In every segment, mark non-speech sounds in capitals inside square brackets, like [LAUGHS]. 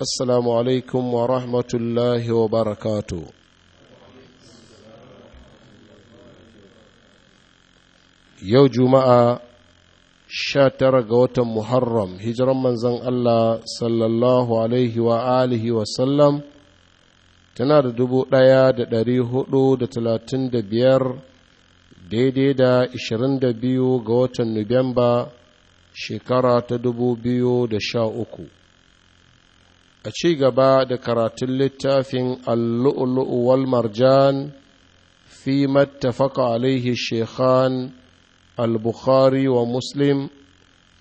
assalamu alaikum wa rahmatullahi wa barakatu yau juma'a sha tara ga watan muharram hijiran manzan allah sallallahu alaihi wa alihi wa sallam tana da dubu ɗaya da ɗari hudu da talatin da biyar daidai da ishirin da biyu ga watan nuwamba shekara ta dubu biyu da sha uku a ci gaba da karatun littafin allu'ulu'u wal marjan fi mattafaka alaihi shekhan al-bukhari wa muslim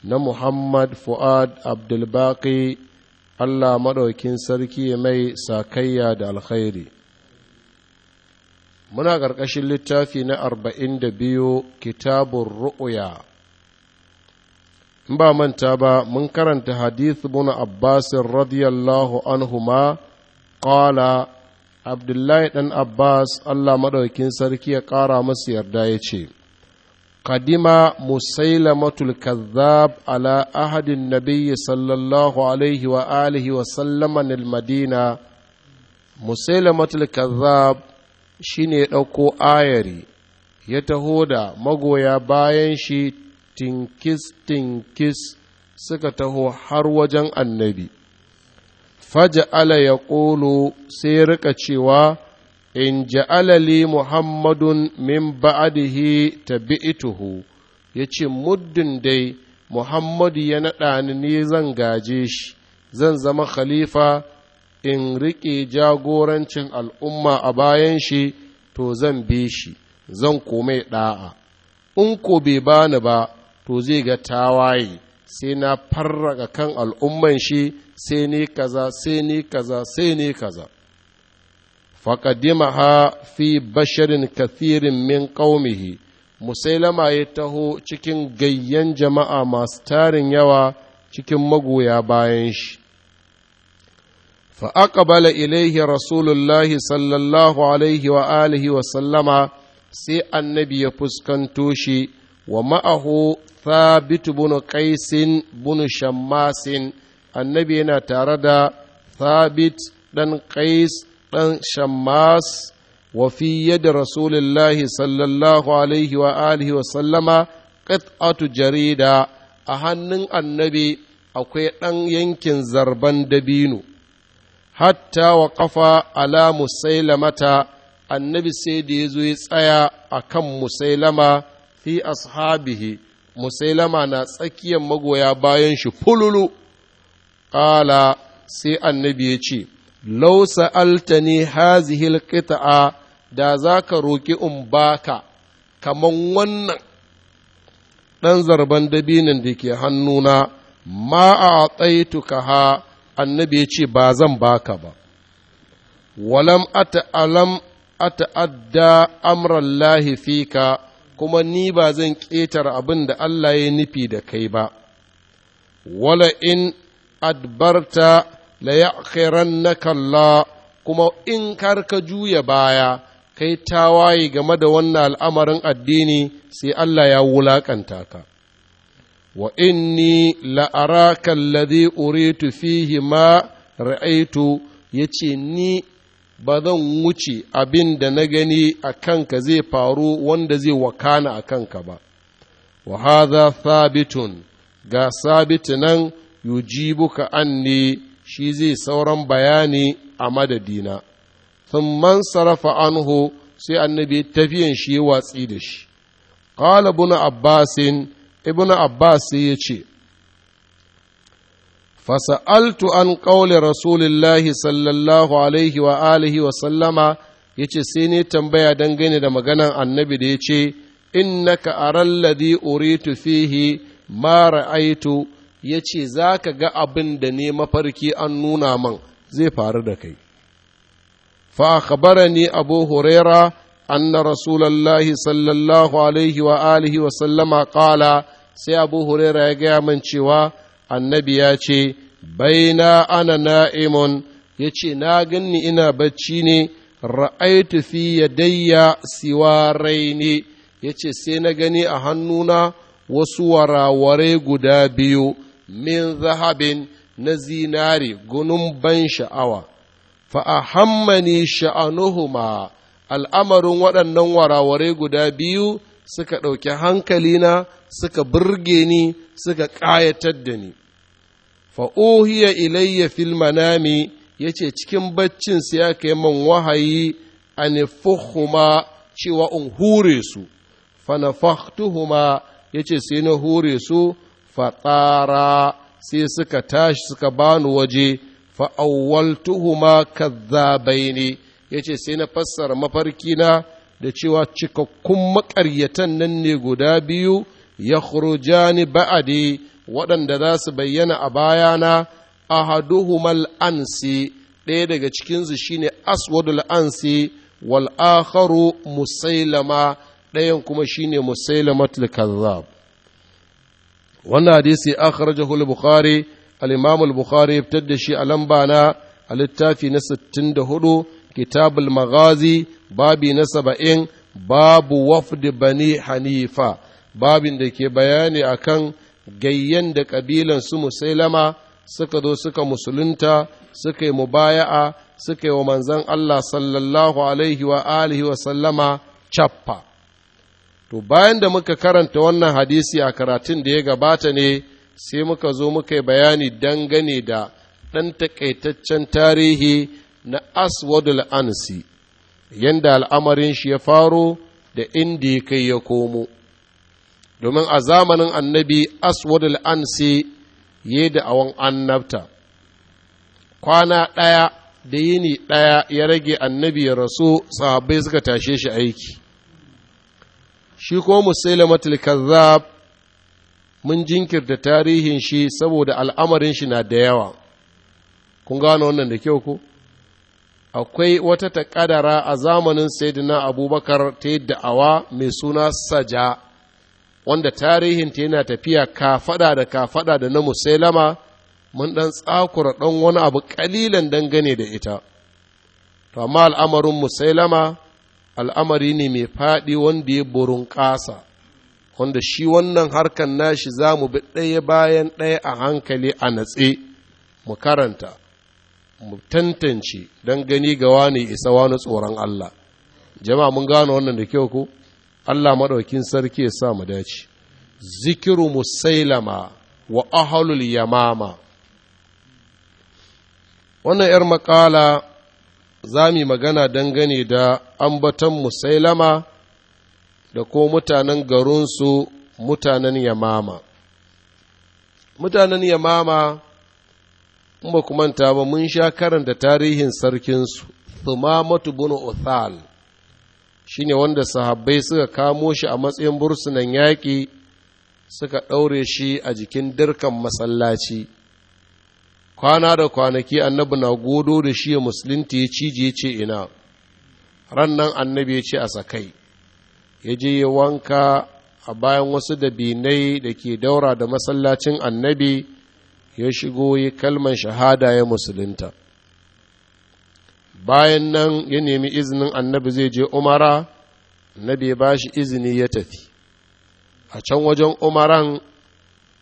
na muhammad fu'ad abdulbaki allah maɗaukin sarki mai sakayya da alkhairi muna ƙarƙashin littafi na arba'in da biyu kitabun ru'uya in ba manta ba mun karanta hadith bin Abbas radiyallahu anhuma qala Abdullahi dan Abbas Allah madaukin sarki ya ƙara masa yarda ya ce Kadima musailamatul kazzab ala ahadin nabiyyi sallallahu alaihi wa alihi wa sallama nil madina musailamatul kazzab shine ya ɗauko ayari ya taho da magoya bayan shi tinkis tinkis suka taho har wajen annabi faja'ala ya ƙolo sai rika cewa in ji alali muhammadun min ba'adihi tabi'ituhu ya ce muddin dai muhammadu ya naɗa ni ne zan gaje shi zan zama khalifa in riƙe jagorancin al'umma a bayan shi to zan bi shi zan komai ɗa'a in ko bai bani ba to zai ga tawaye sai na farraga kan al'umman shi sai ni kaza sai ni kaza sai ni kaza faƙadimaha fi basharin kathirin min ƙaumihi musailama ya taho cikin gayyan jama'a masu tarin yawa cikin magoya bayan shi فأقبل إليه رسول الله صلى الله عليه وآله وسلم سي النبي يفسكن wa ومعه thabit bin qaisin shammasin annabi yana tare da thabit dan qais dan shammas wa fi yad rasulillahi sallallahu alaihi wa alihi wa sallama qat'atu jarida a hannun annabi akwai ɗan yankin zarban dabinu hatta wa ƙafa ala musailamata annabi sai da ya zo ya tsaya a kan musailama fi ashabihi musailama na tsakiyar magoya bayan shi fululu ƙala sai annabi ya ce lausa hazi hazihil qita'a da za ka roƙi in baka kaman wannan ɗan zarban dabinin da ke hannuna ma a tsaituka ha annabi ya ce ba zan baka ba walam ata'alam ata'adda amrallahi fika kuma ni ba zan ƙetare abin da Allah ya nufi da kai ba, wala in adbarta la na kalla kuma in kar ka juya baya kai tawaye game da wannan al'amarin addini sai Allah ya wulaƙanta ka. Wa inni la'araka alladhi uritu fihi ma ra'aitu yace ni ba zan wuce abin da na gani a kanka zai faru wanda zai wakana a kanka ba wa haza sabitun ga sabitu nan yujibuka anni shi zai sauran bayani a madadina thumman sarafa anhu sai annabi tafiyan shi watsi da shi qala ibn abbasin abbas sai ya ce fasa'altu an ƙaule rasulillahi sallallahu alaihi wa alihi wa sallama ya ce sai ne tambaya dangane da maganan annabi da ya ce innaka aralladhi uritu fihi ma ra'aitu ya ce za ka ga abin da ne mafarki an nuna man zai faru da kai fa akhbarani abu huraira anna rasulallahi sallallahu alaihi wa alihi wa sallama qala sai abu huraira ya gaya man cewa annabi ya ce baina ana na'imun ya ce na ganni ina bacci ne ra'aitu fi yadayya siwarai ne ya ce sai na gani a hannuna wasu warawarai guda biyu min zahabin na zinari gunun ban sha'awa fa'ahammani sha'anuhuma al'amarin waɗannan warawarai guda biyu suka ɗauki hankalina suka burge ni suka ƙayatar da ni fa uhiya ilayya fil manami yace cikin baccin su ya kai man wahayi an fuhuma cewa in hure su fa ya yace sai na hure su fa tsara sai suka tashi suka bani waje fa awwaltuhuma kadhabaini yace sai na fassara mafarkina da cewa cikakkun maƙaryatan nan ne guda biyu ya ba'adi waɗanda za su bayyana a bayana ahaduhumal ansi ɗaya daga cikinsu shine aswadul ansi wal akharu musailama ɗayan kuma shine musailamatul kazzab wannan hadisi akhrajahu al-bukhari al-imam al-bukhari da shi a lamba na a littafi na 64 kitabul maghazi babi na 70 babu wafd bani hanifa babin da ke bayani akan gayyan da ƙabilan su musailama suka zo suka musulunta suka yi mubaya'a suka yi wa manzan Allah sallallahu alaihi wa alihi wa sallama cappa to bayan da muka karanta wannan hadisi a karatun da ya gabata ne sai muka zo muka yi bayani dangane da ɗan takaitaccen tarihi na aswadul ansi yanda al'amarin shi ya faro da inda kai ya komo domin a zamanin annabi aswadul ansi ya da awon annabta kwana ɗaya da yini ɗaya ya rage annabi ya rasu sahabbai suka tashe shi aiki shi ko musailamatul kazzab mun jinkirta tarihin shi saboda al'amarin shi na da yawa kun gano wannan da kyau ko akwai wata taƙadara a zamanin saidina abubakar ta yi da'awa mai suna saja wanda tarihinta yana tafiya ka kafaɗa da ka kafaɗa da na musailama mun ɗan tsakura ɗan wani abu kalilan dangane da ita to amma al'amarin musailama al'amari ne mai faɗi wanda ya burin ƙasa wanda shi wannan harkan nashi za mu bi ɗaya bayan ɗaya a hankali a natse mu karanta mu tantance dangani ga wani isa wani tsoron Allah jama'a mun gano wannan da kyau ko Allah maɗaukin sarki ya sa mu dace zikiru musailama wa ahalul yamama wannan 'yar makala za mu magana dangane da ambaton musailama da ko mutanen garinsu mutanen yamama mutanen yamama in ba kuma manta ba mun sha karanta tarihin sarkinsu ma bin othal. Shi ne wanda sahabbai suka kamo shi a matsayin bursunan yaƙi suka ɗaure shi a jikin dirkan masallaci kwana da kwanaki annabi na godo da shi ya musulunta ya cije ce ina ran nan annabi ya ce a sakai ya je ya wanka a bayan wasu dabinai da ke daura da masallacin annabi ya shigo yi kalman shahada ya musulunta bayan nan ya nemi izinin annabi zai je umara annabi ya ba shi izini ya tafi a can wajen umaran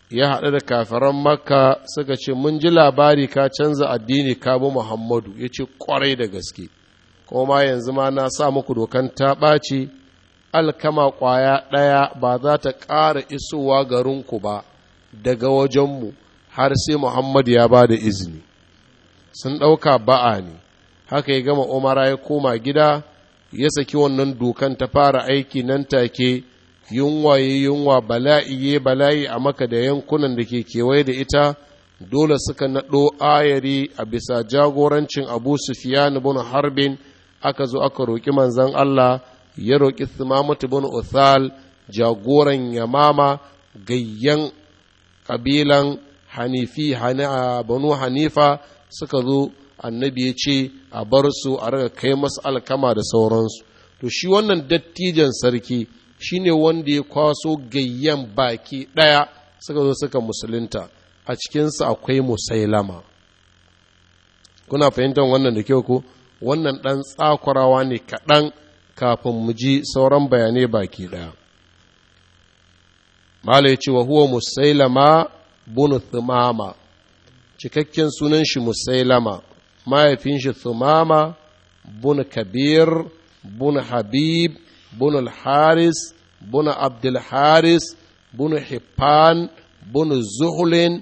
ya haɗu da kafiran makka suka ce mun ji labari ka canza addini ka muhammadu ya ce ƙwarai da gaske kuma yanzu ma na sa muku dokan ta ɓaci alkama ƙwaya ɗaya ba za ta ƙara isowa garinku ba daga wajenmu har sai muhammadu ya ba da izini sun ɗauka ba'a ne haka ya gama umara ya koma gida ya saki wannan dokan ta fara aiki nan take yunwa ya yunwa bala'i ya bala'i a maka da yankunan da ke kewaye da ita dole suka naɗo ayari a bisa jagorancin abu sufiyan bin harbin aka zo aka roƙi manzan allah ya roƙi thumamatu bin uthal jagoran yamama gayyan kabilan hanifi banu hanifa suka zo annabi ya ce a bar su a raka kai masu alkama da sauransu to shi wannan dattijan sarki shine wanda ya kwaso gayyan baki ɗaya suka zo suka musulunta a cikinsa akwai musailama kuna fahimtar wannan da kyau ko wannan ɗan tsakwarawa ne kaɗan kafin mu ji sauran bayanai baki ɗaya malai ce wa huwa musailama bunu thumama cikakken sunan shi musailama mahaifin shi sumama bun kabir bun habib bun al-haris bun abdul haris bun Hippan, bun zuhulin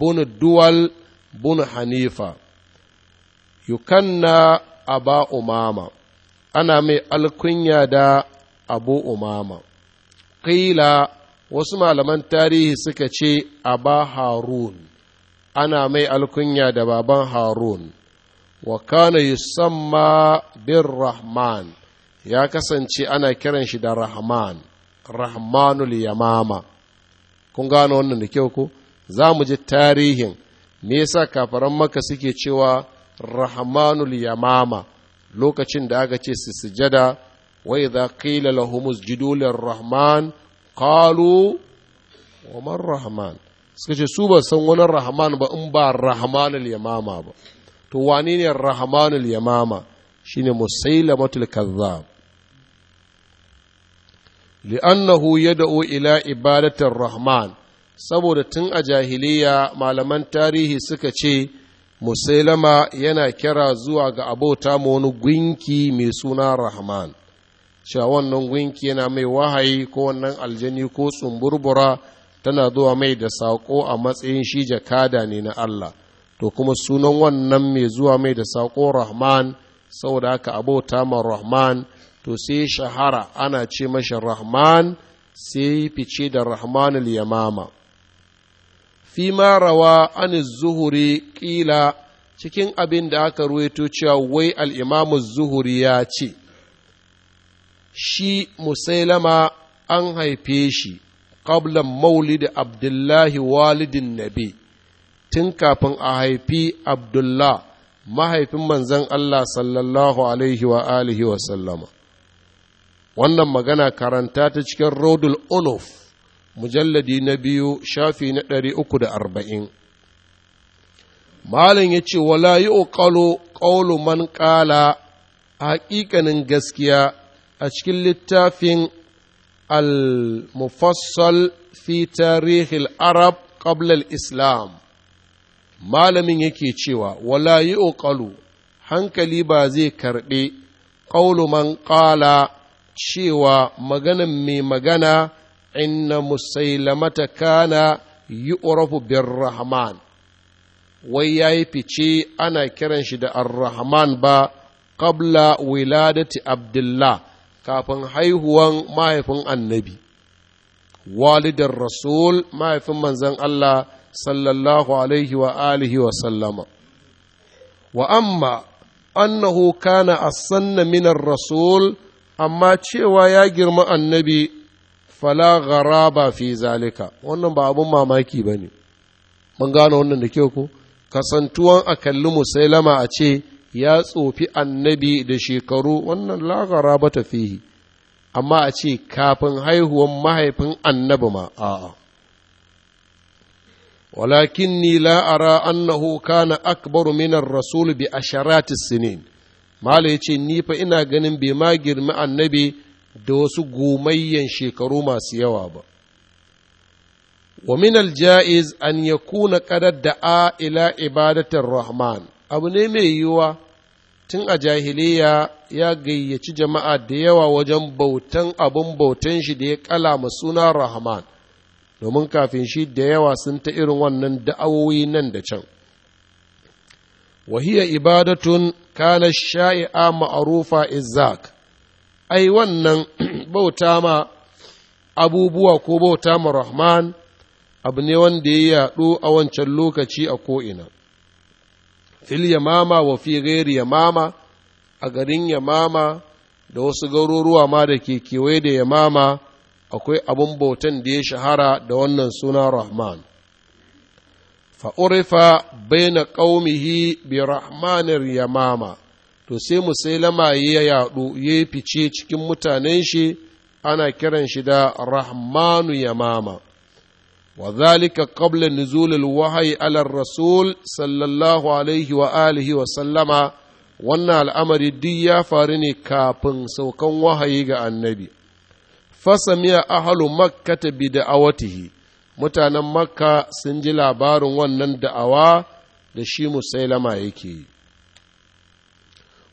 bun duwal bun hanifa yukanna aba umama ana mai alkunya da abu umama ƙila wasu malaman tarihi suka ce aba harun ana mai alkunya da baban harun wa kana yusamma bin rahman ya kasance ana kiran shi da rahman rahmanul yamama kun gano wannan da kyau ko za mu ji tarihin me yasa kafaran maka suke cewa rahmanul yamama lokacin da aka ce su sujada wa idza qila lahum usjudu rahman qalu wa man rahman suka ce su ba san wani rahman ba in ba rahmanul yamama ba to wane ne rahmanul yamama shine musailamatul kazzab li'annahu yad'u ila ibadatar rahman saboda tun a jahiliya malaman tarihi suka ce musailama yana kira zuwa ga abota ma wani gunki mai suna rahman cewa wannan gunki yana mai wahayi ko wannan aljani ko tsumburbura tana zuwa mai da saƙo a matsayin shi jakada ne na Allah to kuma sunan wannan mai zuwa mai da saƙo rahman saboda haka abota ma rahman to sai shahara ana ce mashi rahman sai fice da rahmanul yamama fi ma rawa an zuhuri kila cikin abin da aka ruwaito cewa wai al'imamu zuhuri ya ce shi musailama an haife shi qabla maulidi abdullahi walidin nabi tun kafin a haifi abdullah mahaifin manzan Allah sallallahu alaihi الله عليه wa sallama wannan magana karanta ta cikin rodul olof mujalladi na biyu shafi na ɗari uku da arba'in malin ya ce wala yi ƙalo ƙaulu man ƙala a haƙiƙanin gaskiya a cikin littafin al-mufassal fi tarihil arab qabla al-islam malamin yake cewa wala yi hankali ba zai karɓe ƙauluman ƙala cewa maganan mai magana inna musailamata kana yi urafu bin rahman wai ya yi fice ana kiran shi da ar-rahman ba ƙabla wiladati abdullah kafin haihuwan mahaifin annabi walidar rasul mahaifin manzan Allah sallallahu alaihi wa alihi wa sallama wa amma annahu kana asanna minar rasul amma cewa ya girma annabi fala gharaba fi zalika wannan ba abun mamaki ba ne mun gane wannan da kyau ku? kasantuwan a kalli musailama a ce ya tsofi annabi da shekaru wannan lagara ba ta fihi amma a ce kafin haihuwan mahaifin annabi ma a'a walakin ni la'ara annahu kana akbaru minar rasul bi Sharatis, sinin mala ya ce ni fa ina ganin bai ma girma annabi da wasu gomayyan shekaru masu yawa ba ومن Jaiz An يكون قد a ila ibadatar Rahman. abu ne mai yiwuwa tun a jahiliya ya gayyaci jama'a da yawa wajen bautan abin bautan shi da ya kala suna rahman domin kafin shi da yawa sun ta irin wannan da'awoyi nan da can wahiya ibadatun kana sha'i'a ma'arufa izak ai wannan [CLEARS THROAT] bauta ma abubuwa ko bauta ma rahman abu ne wanda ya yaɗo a wancan lokaci a ko'ina fil yamama wa fi ghairi yamama a garin yamama da wasu garuruwa ma da ke kewaye da yamama akwai abun bautan da ya shahara da wannan suna rahman fa'urifa baina ƙaumihi bi rahmanir yamama to sai musailama ya yaɗu ya fice cikin mutanen shi ana kiran shi da rahmanu yamama Wazalika قبل نزول الوحي على الرسول صلى الله عليه وآله wannan al'amari duk ya faru ne kafin saukan wahayi ga annabi Fasa miya ahalu makka ta bi da'awatihi mutanen makka sun ji labarin wannan da'awa da shi musailama yake yi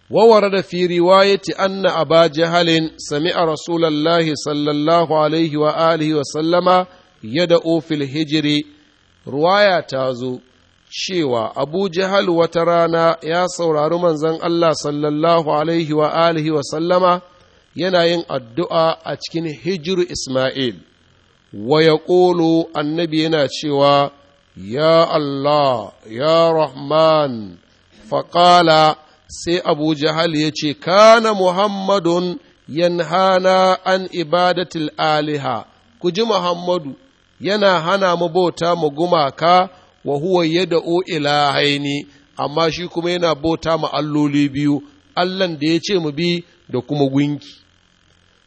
wawar da fi riwayati anna aba jahalin sami'a rasulallahi sallallahu alaihi wa wa sallama yada ofil hijiri ruwaya ta zo cewa abu jihal wata rana ya saurari manzon Allah sallallahu alaihi wa alihi wa sallama yana yin addu'a a cikin hijiru Ismail, wa ya ƙolo annabi yana cewa, Ya Allah, ya Rahman, faƙala sai Abu jihal ya ce, Kana Muhammadun yanhana an ibadatil aliha, ku ji Muhammadu yana hana mu bauta mu gumaka wa huwa yad'u ila haini amma shi kuma yana bauta mu alloli biyu allan da yace mu bi da kuma gunki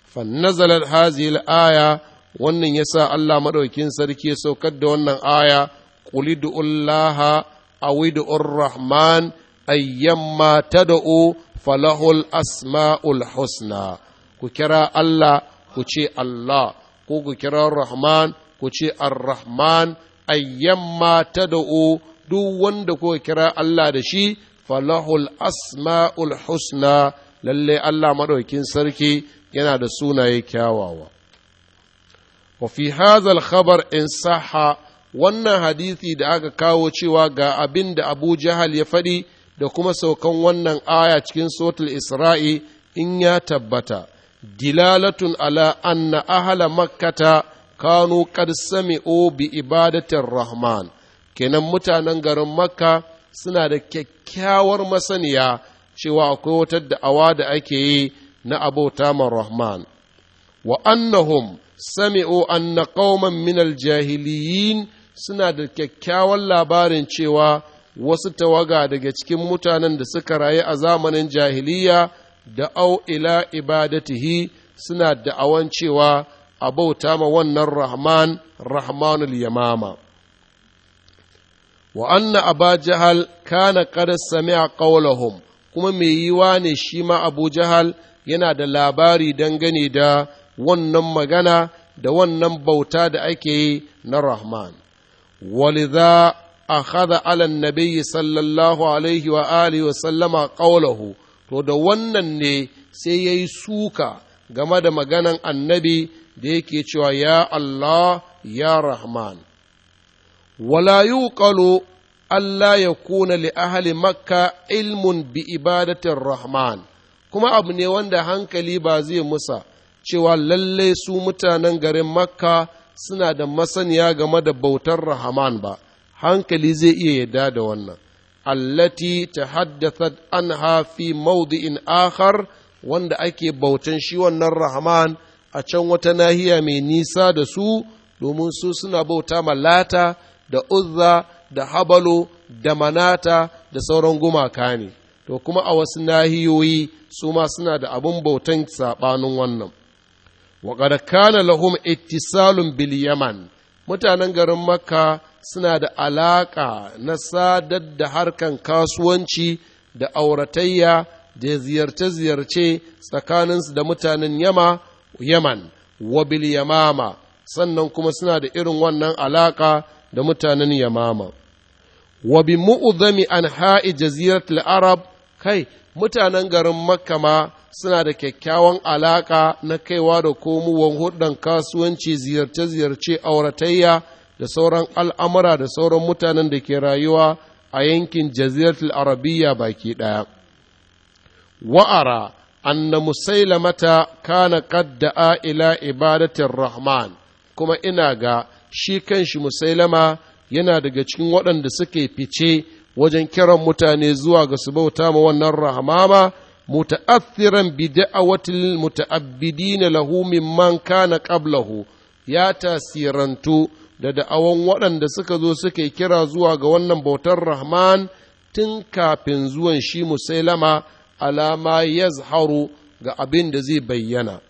Fa fannazalar hazil aya wannan yasa Allah maɗaukin sarki ya saukar da wannan aya ƙuli allaha awidu widu'ur rahman ayyamma ta da'o falahul asma'ul husna ku kira Allah ku ce Allah ko ku kira rahman ku ce ar-rahman ayyamma tad'u duk wanda kuka kira Allah da shi falahul asma'ul husna lalle Allah madaukin sarki yana da sunaye kyawawa wa fi hazal khabar in saha wannan hadisi da aka kawo cewa ga abinda da Abu Jahal ya faɗi da kuma saukan wannan aya cikin sotul Isra'i in ya tabbata dilalatun ala anna ahala makkata kanu qad sami'u bi ibadatir rahman kenan mutanen garin makka suna da kyakkyawar masaniya cewa akwai wata da'awa da ake yi na abota man rahman wa annahum sami'u anna qauman min jahiliyin suna da kyakkyawar labarin cewa wasu tawaga daga cikin mutanen da suka rayu a zamanin jahiliya da au ila ibadatihi suna da'awan cewa a bauta ma wannan rahman rahmanul yamama wa anna aba jahal kana sami a qawlahum kuma mai yiwa ne shi ma abu jahal yana da labari dangane da wannan magana da wannan bauta da ake yi na rahman ولذا أخذ على sallallahu alaihi الله عليه وآله وسلم قوله to da wannan ne sai ya yi suka game da maganan annabi da yake cewa ya Allah ya Rahman wala yuqalu Allah ya kuna li ahli makka ilmun bi ibadatin Rahman kuma abu ne wanda hankali ba zai musa cewa lalle su mutanen garin makka suna da masaniya game da bautar Rahman ba hankali zai iya yarda da wannan allati tahaddathat anha fi mawdi'in akhar wanda ake bautan shi wannan Rahman a can wata nahiya mai nisa da su domin su suna bauta malata da uzza da habalo da manata da sauran gumaka ne to kuma a wasu nahiyoyi su ma suna da abun bautan saɓanin wannan waƙada kana lahum ittisalun bil yaman mutanen garin makka suna da alaƙa na sadar da harkan kasuwanci da auratayya da ziyarce-ziyarce tsakaninsu da mutanen yama yaman wa bil yamama sannan kuma suna da irin wannan alaka da mutanen yamama wa bi an anha'i jaziratul arab kai mutanen garin makka ma suna da kyakkyawan alaka na kaiwa da komowan hudun kasuwanci ziyarce-ziyarce auratayya da sauran al'amura da sauran mutanen da ke rayuwa a yankin jaziratul arabiya baki ɗaya. Wa'ara anna musailamata kana qadda'a ila ibadatir rahman kuma ina ga shi kanshi musailama yana daga cikin waɗanda suke fice wajen kiran mutane zuwa ga su bauta ma wannan rahmama muta'athiran bi da'awatil muta'abbidina lahu mimman kana qablahu ya tasirantu da da'awan waɗanda suka zo suke kira zuwa ga wannan bautar rahman tun kafin zuwan shi musailama alama zaharu ga abin da zai bayyana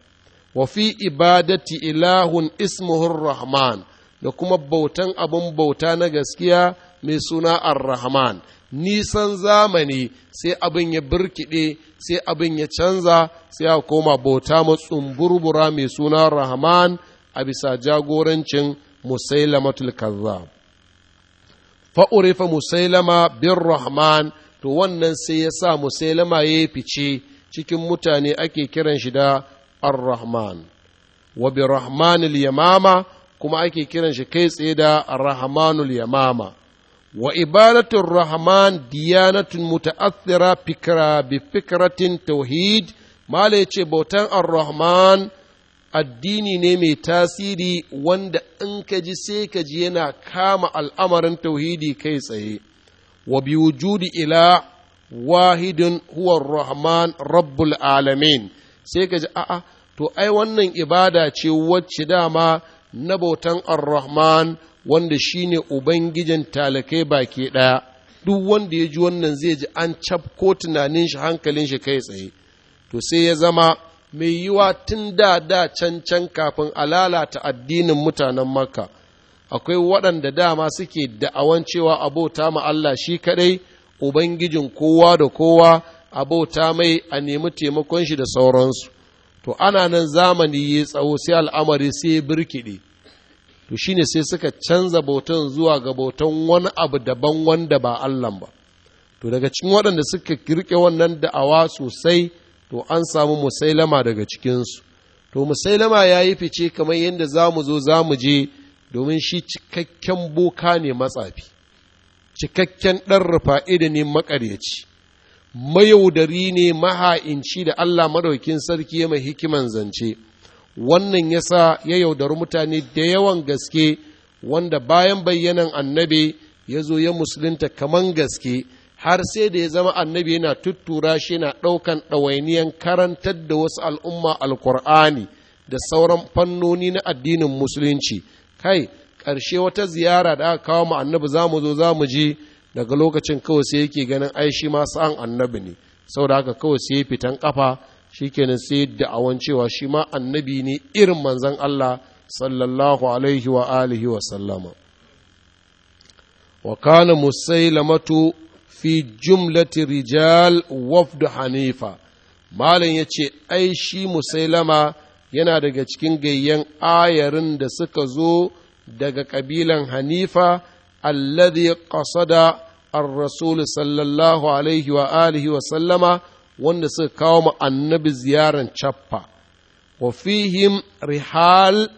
wa fi ibadati ilahun ismuhur rahman da kuma bautan abin bauta na gaskiya mai suna ar-rahman nisan zamani sai abin ya birkiɗe sai abin ya canza sai a koma bauta burbura mai suna rahman a bisa jagorancin musailamatul kazzab fa'urifa musailama bin rahman to wannan sai ya sa musailama ya yi fice cikin mutane ake kiran shi da ar-rahman wa bi rahmanul yamama kuma ake kiran shi kai tsaye da rahmanul yamama wa ibadatul rahman diyanatun muta'athira fikra bi fikratin tauhid mala yace bautan ar-rahman addini ne mai tasiri wanda in ka ji sai ka ji yana kama al'amarin tauhidi kai tsaye wa bi wujudi ila wahidin huwa rahman rabbul alamin sai ka ji a'a to ai wannan ibada ce wacce dama na bautan ar-rahman wanda shine ubangijin talakai baki ɗaya duk wanda ya ji wannan zai ji an cafko tunanin shi hankalin shi kai tsaye to sai ya zama mai yiwa tun da da can can kafin lalata addinin mutanen makka akwai waɗanda dama suke da'awan cewa abota ma Allah shi kaɗai ubangijin kowa da kowa abota mai a nemi taimakon shi da sauransu to ana nan zamani ya tsawo sai al'amari sai birkiɗe to shine sai suka canza bautan zuwa ga bautan wani abu daban wanda ba Allah ba to daga cikin waɗanda suka kirke wannan da'awa sosai to an samu musailama daga cikinsu to musailama ya yi fice kamar yadda zamu zo za mu je domin shi cikakken boka ne matsafi cikakken ɗan rufa ne makaryaci mayaudari ne maha'inci da Allah madaukin sarki ya mai hikiman zance wannan yasa ya yaudari mutane da yawan gaske wanda bayan bayyanan annabi ya zo ya musulunta kaman gaske har sai da ya zama annabi yana tuttura shi yana ɗaukan ɗawainiyan karantar da wasu al'umma alkur'ani da sauran fannoni na addinin musulunci kai ƙarshe wata ziyara da aka kawo mu annabi za mu zo za mu je daga lokacin kawai sai yake ganin ai shi ma sa'an annabi ne saboda haka kawai sai fitan kafa shikenan sai da'awan cewa shi ma annabi ne irin manzon Allah sallallahu alaihi wa alihi wa sallama wa kana musailamatu fi jumlati rijal wafd hanifa malam yace ai shi musailama yana daga cikin gayyan ayarin da suka zo daga ƙabilan hanifa alladhi qasada ar-rasul sallallahu alaihi wa alihi wa sallama wanda suka kawo mu annabi ziyaran cappa wa fihim rihal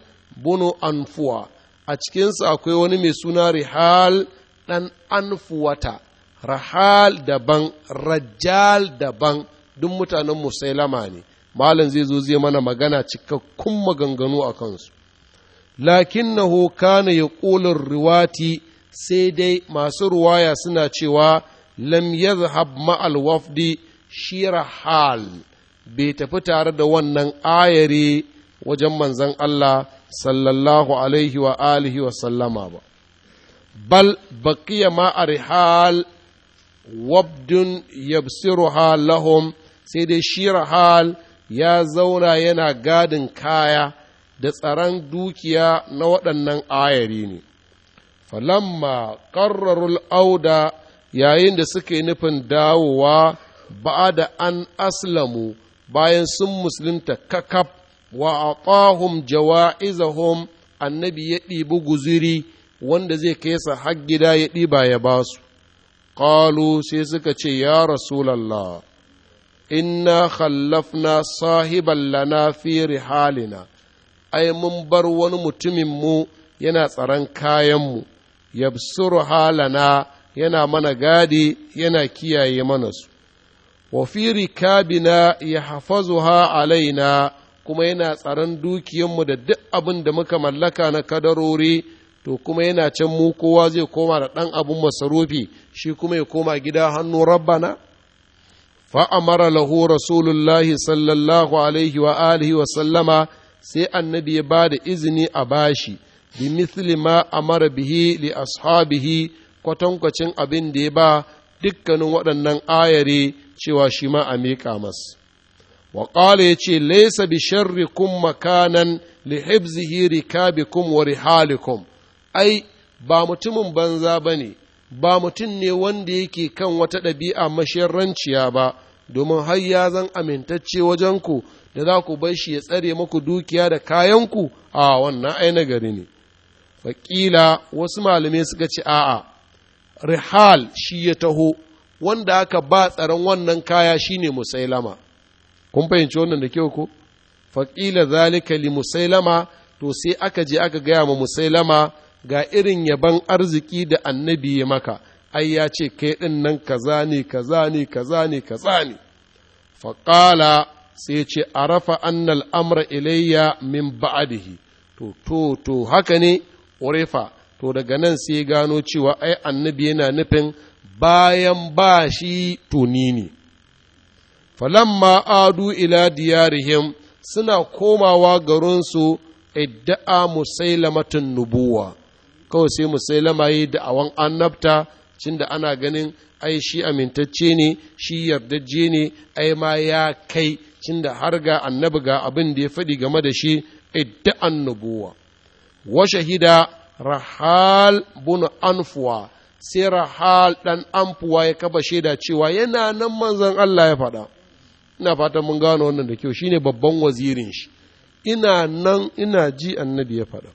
bunu anfuwa a cikinsu akwai wani mai suna rihal ɗan anfuwata rahal daban rajal daban duk mutanen musailama ne malam zai zo zai mana magana cikakkun maganganu a kansu na kana ƙolin riwati sai dai masu ruwaya suna cewa lam yadhhab ma'al wafdi hal bai tafi tare da wannan ayare wajen manzon Allah sallallahu alaihi wa alihi wa sallama ba bal baqiya ma'a rihal wabdun yabsiruha lahum sai dai shir-hal ya zauna yana gadin kaya da tsaron dukiya na waɗannan ayari ne falamma ƙarrarul auda yayin da suke nufin dawowa ba da an aslamu bayan sun musulunta kakaf wa aqahum jawa'izahum annabi ya ɗibi guziri wanda zai kai sa har gida ya ɗiba ya ba su ƙalu sai suka ce ya rasulallah inna khallafna sahiban lana fi rihalina ai mun bar wani mutumin mu yana tsaron kayanmu yabsuru halana yana mana gadi yana kiyaye mana su wa fi rikabina ya hafazuha alaina kuma yana tsaron dukiyanmu da duk abin da muka mallaka na kadarori to kuma yana can mu kowa zai koma da ɗan abin masarufi shi kuma ya koma gida hannu rabbana fa amara lahu rasulullahi sallallahu sai annabi ya ba da izini a bashi bi mithli ma amara bihi li ashabihi kwatankwacin abin da ya ba dukkanin waɗannan ayare cewa shima ma a miƙa masu wa ƙala ya ce laisa bi sharrikum makanan li hibzihi rikabikum wa rihalikum ai ba mutumin banza ba ne ba mutum ne wanda yake kan wata ɗabi'a mashirranciya ba domin har ya zan amintacce wajenku da za ku bar shi ya tsare maku dukiya da kayanku a wannan aina gari ne faƙila wasu malamai suka ce a'a rihal shi ya taho wanda aka ba tsaron wannan kaya shi ne musailama kun fahimci wannan da kyau ko faƙila zalika li musailama to sai aka je aka gaya ma musailama ga irin yaban arziki da annabi ya maka ai ya ce kai ɗin nan kaza ne kaza ne kaza ne kaza ne faƙala sai ce a rafa annal amra ilayya min ba'adihi to to to haka ne urefa to daga nan sai gano cewa ai annabi yana nufin bayan ba shi to ni ne falamma adu ila diyarihim suna komawa garinsu idda'a musailamatin nubuwa kawai sai musailama yi da'awan annabta cin da ana ganin ai shi amintacce ne shi yardajje ne ai ma ya kai cin da har ga annabi ga abin da ya faɗi game da shi idda annubuwa wa shahida rahal bun anfuwa sai rahal dan amfuwa ya kaba shaida cewa yana nan manzon Allah ya faɗa ina fatan mun gano wannan da kyau shine babban wazirin shi ina nan ina ji annabi ya faɗa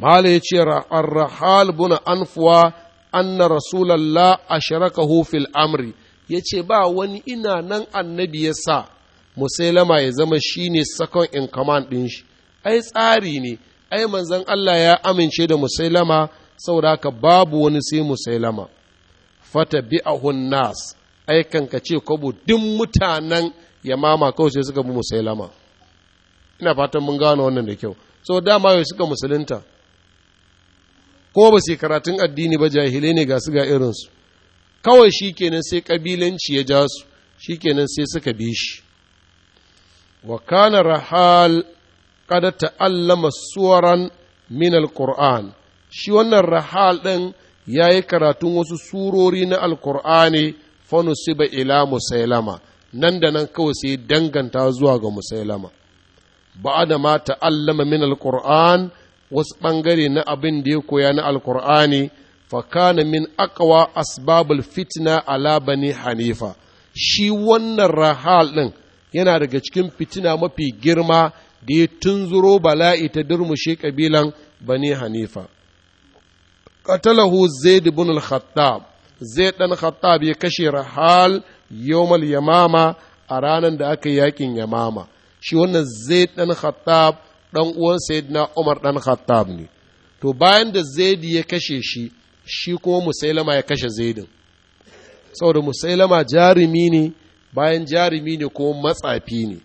mala ya ce arrahal buna anfuwa anna rasulallah asharakahu fil amri ya ce ba wani ina nan annabi ya sa musailama ya zama shine sakon in kamar ɗin shi ai tsari ne ai manzon Allah ya amince da musailama saboda haka babu wani sai musailama fata bi'ahun nas ai kanka ce kwabo duk mutanen yamama kawai sai suka bi musailama ina fatan mun gano wannan da kyau so dama yau suka musulunta ko ba su karatun addini ba jahilai ne ga su ga irinsu kawai shi kenan sai ƙabilanci ya ja su shi kenan sai suka bi shi wa kana rahal kada ta'allama suwaran min alquran shi wannan rahal ɗin ya yi karatun wasu surori na alkur'ani fanusiba ila musailama nan da nan kawai sai danganta zuwa ga musailama ba'ada da ma ta'allama min alkur'an wasu ɓangare na abin da ya koya na alkur'ani fakana min akawa asbabul fitna ala bani hanifa shi wannan rahal ɗin yana daga cikin fitina mafi girma da ya tunzuro bala'i ta durmushe kabilan bani hanifa qatalahu zaid ibn al-khattab zaid dan khattab ya kashe rahal yawmal yamama a ranar da aka yakin yamama shi wannan zaid dan khattab ɗan uwan sayyidina umar ɗan khattab ne to bayan da zaidi ya kashe shi shi kuma musailama ya kashe zaidin saboda musailama jarumi ne bayan jarumi ne ko matsafi ne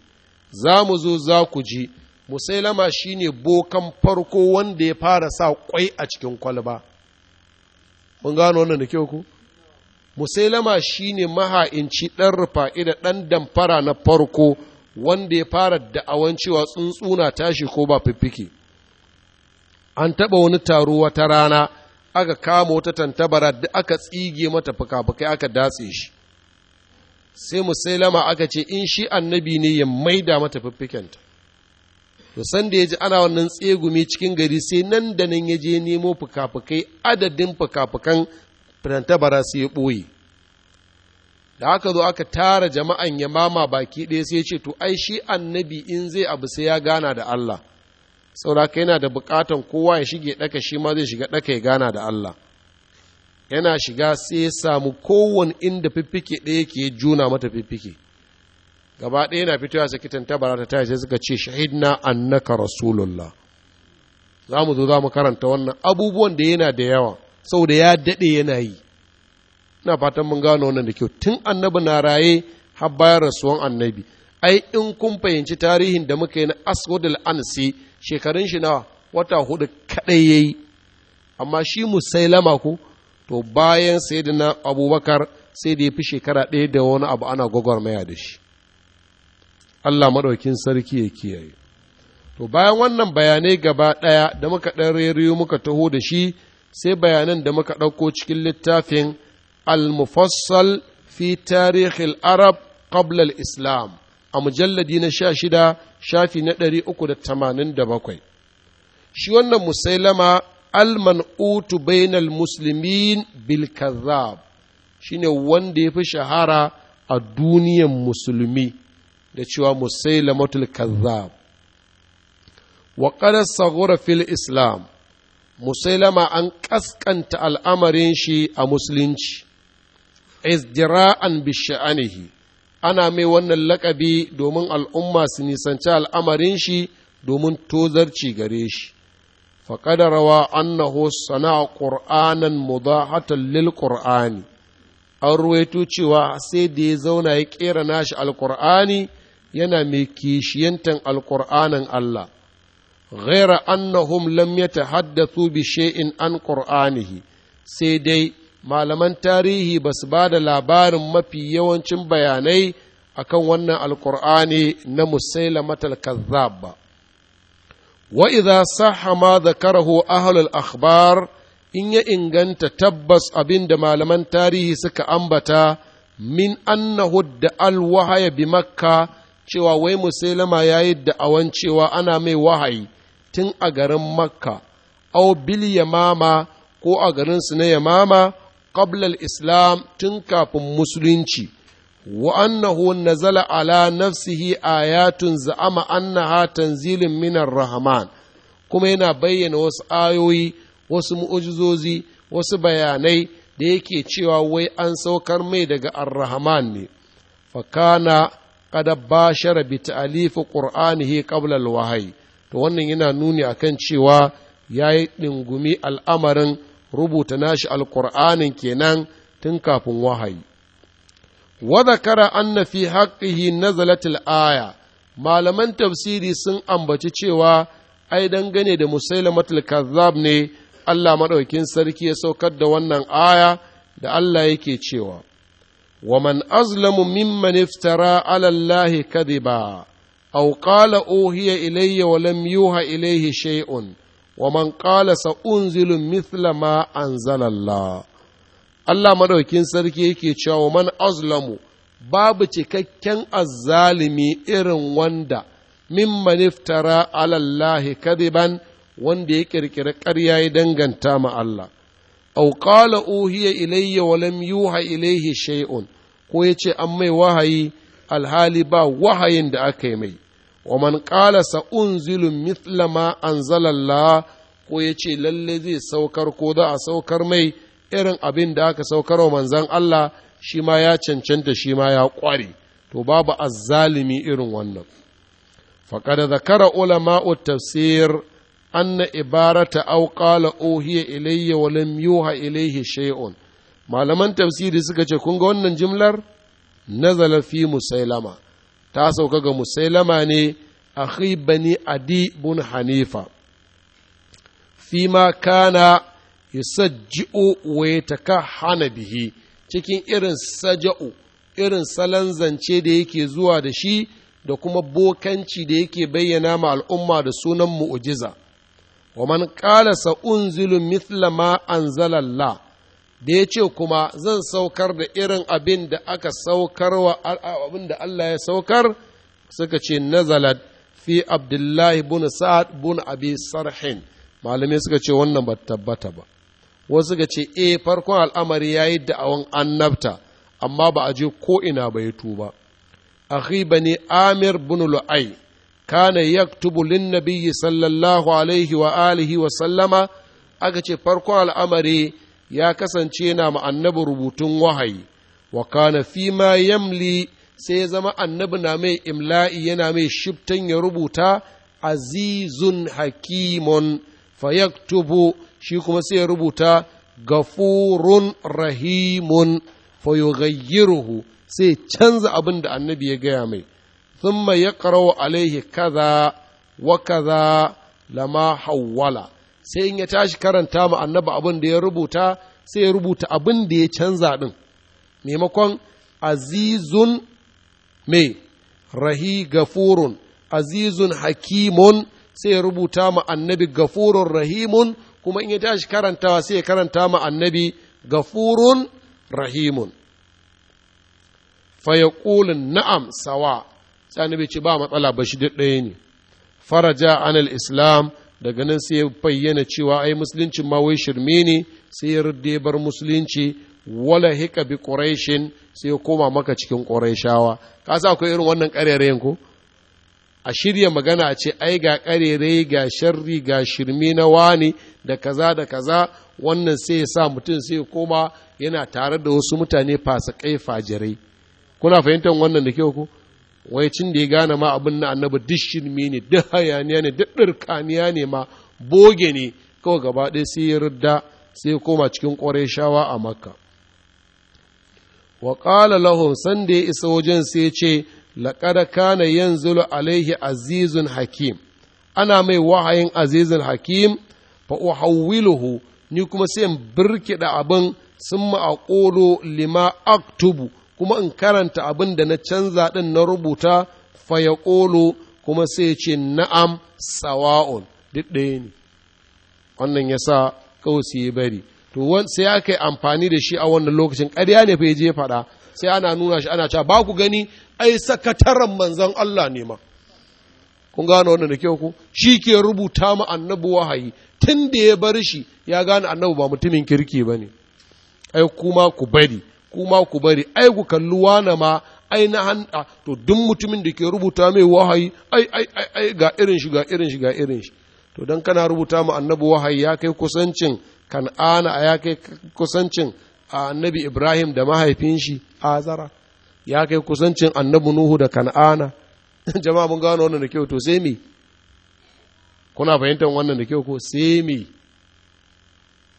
za mu zo za ku ji musailama shi bokan farko wanda ya fara sa kwai a cikin kwalba mun gano wannan da kyau ku musailama shine maha'inci ɗan rufa'i da ɗan damfara na farko wanda ya fara da'awan cewa tsuntsuna tashi ko ba fiffike an taɓa wani taro wata rana aka kama wata tantabara da aka tsige mata fuka-fukai aka datse shi sai musailama aka ce in shi annabi ne ya maida mata fiffikenta to san da ya ji ana wannan tsegumi cikin gari sai nan da nan ya je nemo fuka-fukai adadin fuka-fukan tantabara sai ya ɓoye da aka zo aka tara jama'an ya mama baki ɗaya sai ce to ai shi annabi in zai abu sai ya gana da Allah sauraka yana da bukatan kowa ya shige ɗaka shi ma zai shiga ɗaka ya gana da Allah yana shiga sai ya samu kowane inda fiffike ɗaya ke juna mata fiffike gaba ɗaya yana fitowa sakitan tabara ta tashi sai suka ce shahidna annaka rasulullah za mu zo za mu karanta wannan abubuwan da yana da yawa sau da ya daɗe yana yi ina fatan mun gano wannan da kyau tun annabi na raye har bayan rasuwan annabi ai in kun fahimci tarihin da muka yi na aswadul ansi shekarun shi na wata hudu kadai yayi amma shi musailama ko to bayan sayyidina abubakar sai da ya fi shekara ɗaya da wani abu ana gwagwarmaya da shi Allah maɗaukin sarki ya kiyaye to bayan wannan bayanai gaba ɗaya da muka ɗan reriyo muka taho da shi sai bayanan da muka ɗauko cikin littafin al-mufassal fi tarihil arab qabla islam a mujalladi na sha shida shafi na ɗari uku da tamanin da bakwai shi wannan musailama al-man'utu bainal muslimin bil kazzab shine wanda ya fi shahara a duniyar musulmi da cewa musailamatul kazzab wa qad saghura fil islam musailama an ƙasƙanta al'amarin shi a musulunci izdira'an bishanihi ana mai wannan lakabi domin al'umma su nisanci al'amarin shi domin tozarci gare shi فقد روى أنه sana'a قرآنا مضاحة للقرآن an ruwaito cewa sai da ya zauna ya ƙera nashi alƙur'ani yana mai kishiyantan alƙur'anin Allah ghaira annahum lam yatahaddathu bi shay'in an qur'anihi sai dai malaman tarihi ba su ba da labarin mafi yawancin bayanai akan wannan alkur'ani na musailamatal kazzab ba wa idza sahha ma dhakarahu ahlul akhbar in ya inganta tabbas abin da malaman tarihi suka ambata min annahu da alwahaya bi makka cewa wai musailama ya yi da'awan cewa ana mai wahayi tun a garin makka au bil yamama ko a garinsu na yamama qabla islam tun kafin musulunci wa annahu nazala ala nafsihi ayatun za'ama annaha tanzilin minar rahman kuma yana bayyana wasu ayoyi wasu mu'ujizozi wasu bayanai da yake cewa wai an saukar mai daga ar-rahman ne fakana kada bashara bi ta'alifi qur'anihi qabla al-wahyi to wannan yana nuni akan cewa yayi dingumi al'amarin rubuta nashi alƙur'anin kenan tun kafin wahayi wa zakara anna fi haqqihi nazalatil aya malaman tafsiri sun ambaci cewa ai dangane da musailamatul kazzab ne Allah maɗaukin sarki ya saukar da wannan aya da Allah yake cewa wa man azlamu mimman iftara ala Allah kadhiba aw qala uhiya ilayya wa lam yuha ilayhi shay'un wa man qala sa unzilu mithla ma Allah madaukin sarki yake cewa wa man azlamu babu cikakken azzalimi irin wanda mimman iftara alallahi kadiban wanda ya kirkiri ƙarya ya danganta ma Allah aw qala uhiya ilayya wa lam yuha ilayhi shay'un ko yace an mai wahayi alhali ba wahayin da aka yi mai wa man qala sa'unzilu mithla ma anzalallah ko yace lalle zai saukar ko za a saukar mai irin abin da aka saukar wa manzon Allah shi ma ya cancanta shi ma ya ƙware, to babu azzalimi irin wannan faqad zakara ulama'u tafsir anna ibarata au qala uhiya ilayya wa lam yuha ilayhi shay'un malaman tafsiri suka ce kun ga wannan jimlar nazala fi musailama ta sauka ga musailama ne a bani adi bun hanifa fima kana yusajji'u wa yatakahhana bihi cikin irin saja'u irin salon zance da yake zuwa da shi da kuma bokanci da yake bayyana ma al'umma da sunan mu'ujiza wa man qala sa unzilu mithla ma anzalallah da ya ce kuma zan saukar da irin abin da aka saukar wa abin da Allah ya saukar suka ce nazalat fi abdullahi bin sa'ad bin abi sarhin malamai suka ce wannan ba tabbata ba wasu suka ce e farkon al'amari yayi da'awan annabta amma ba a je ko ina ba ya tuba akhi bani amir bin lu'ai kana yaktubu lin nabiyyi sallallahu alaihi wa alihi wa sallama aka ce farkon al'amari ya kasance yana ma annabi rubutun wahayi wa kana fi ma yamli sai ya zama annabi na mai imla'i yana mai shiftan ya rubuta azizun hakimun fayaktubu shi kuma sai ya rubuta gafurun rahimun fayogayyiruhu sai canza abin da annabi ya gaya mai thumma yaqra'u alaihi kaza wa kaza lama hawwala sai in ya tashi karanta ma annaba abin da ya rubuta sai ya rubuta abin da ya canza ɗin maimakon azizun me rahi gafurun azizun hakimun sai ya rubuta ma annabi gafurun rahimun kuma in ya tashi karantawa sai ya karanta ma annabi gafurun rahimun fayakulun na'am sawa sai annabi ce ba matsala ba shi ɗaya ne faraja anil islam daga nan sai ya bayyana cewa ai musulunci ma wai shirme ne sai ya rudde bar musulunci wala hika bi quraishin sai ya koma maka cikin quraishawa ka sa akwai irin wannan ƙarerayen ko a shirya magana a ce ai ga ƙarerayi ga sharri ga shirme na wani da kaza da kaza wannan sai ya sa mutum sai ya koma yana tare da wasu mutane fasikai fajirai kuna fahimtar wannan da kyau ko wai cin da ya gane ma abin na annabi duk shirme ne duk hayaniya ne duk ɗirkaniya ne ma boge ne kawai gaba ɗaya sai ya rudda sai ya koma cikin ƙwarai shawa a makka wa ƙala lahum ya isa wajen sai ya ce laƙada kana yanzu alaihi azizun hakim ana mai wahayin azizun hakim fa uhawwiluhu ni kuma sai in birkiɗa abin sun ma'aƙolo lima aktubu kuma in karanta abin da na canza ɗin na rubuta faya ƙolo kuma sai ce na'am sawa'un duk ɗaya ne wannan ya sa kawai su bari to sai aka yi amfani da shi a wannan lokacin ƙarya ne fa je faɗa sai ana nuna shi ana cewa ba ku gani ai sakataren manzon Allah ne ma kun gane wannan da kyau ku shi ke rubuta ma annabi wahayi tun da ya bar shi ya gane annabi ba mutumin kirki ba ne ai kuma ku bari kuma ku bari ai ku kalli wane ma ai na hanta to duk mutumin da ke rubuta mai wahayi ai ai ai ai ga irin shi ga irin shi ga irin shi to dan kana rubuta mu annabi wahayi ya kai kusancin kan'ana ya kai kusancin annabi ibrahim da mahaifin shi azara ya kai kusancin annabi nuhu da kan'ana [LAUGHS] jama'a mun gano wannan da kyau to sai me kuna fahimtar wannan da kyau ko sai me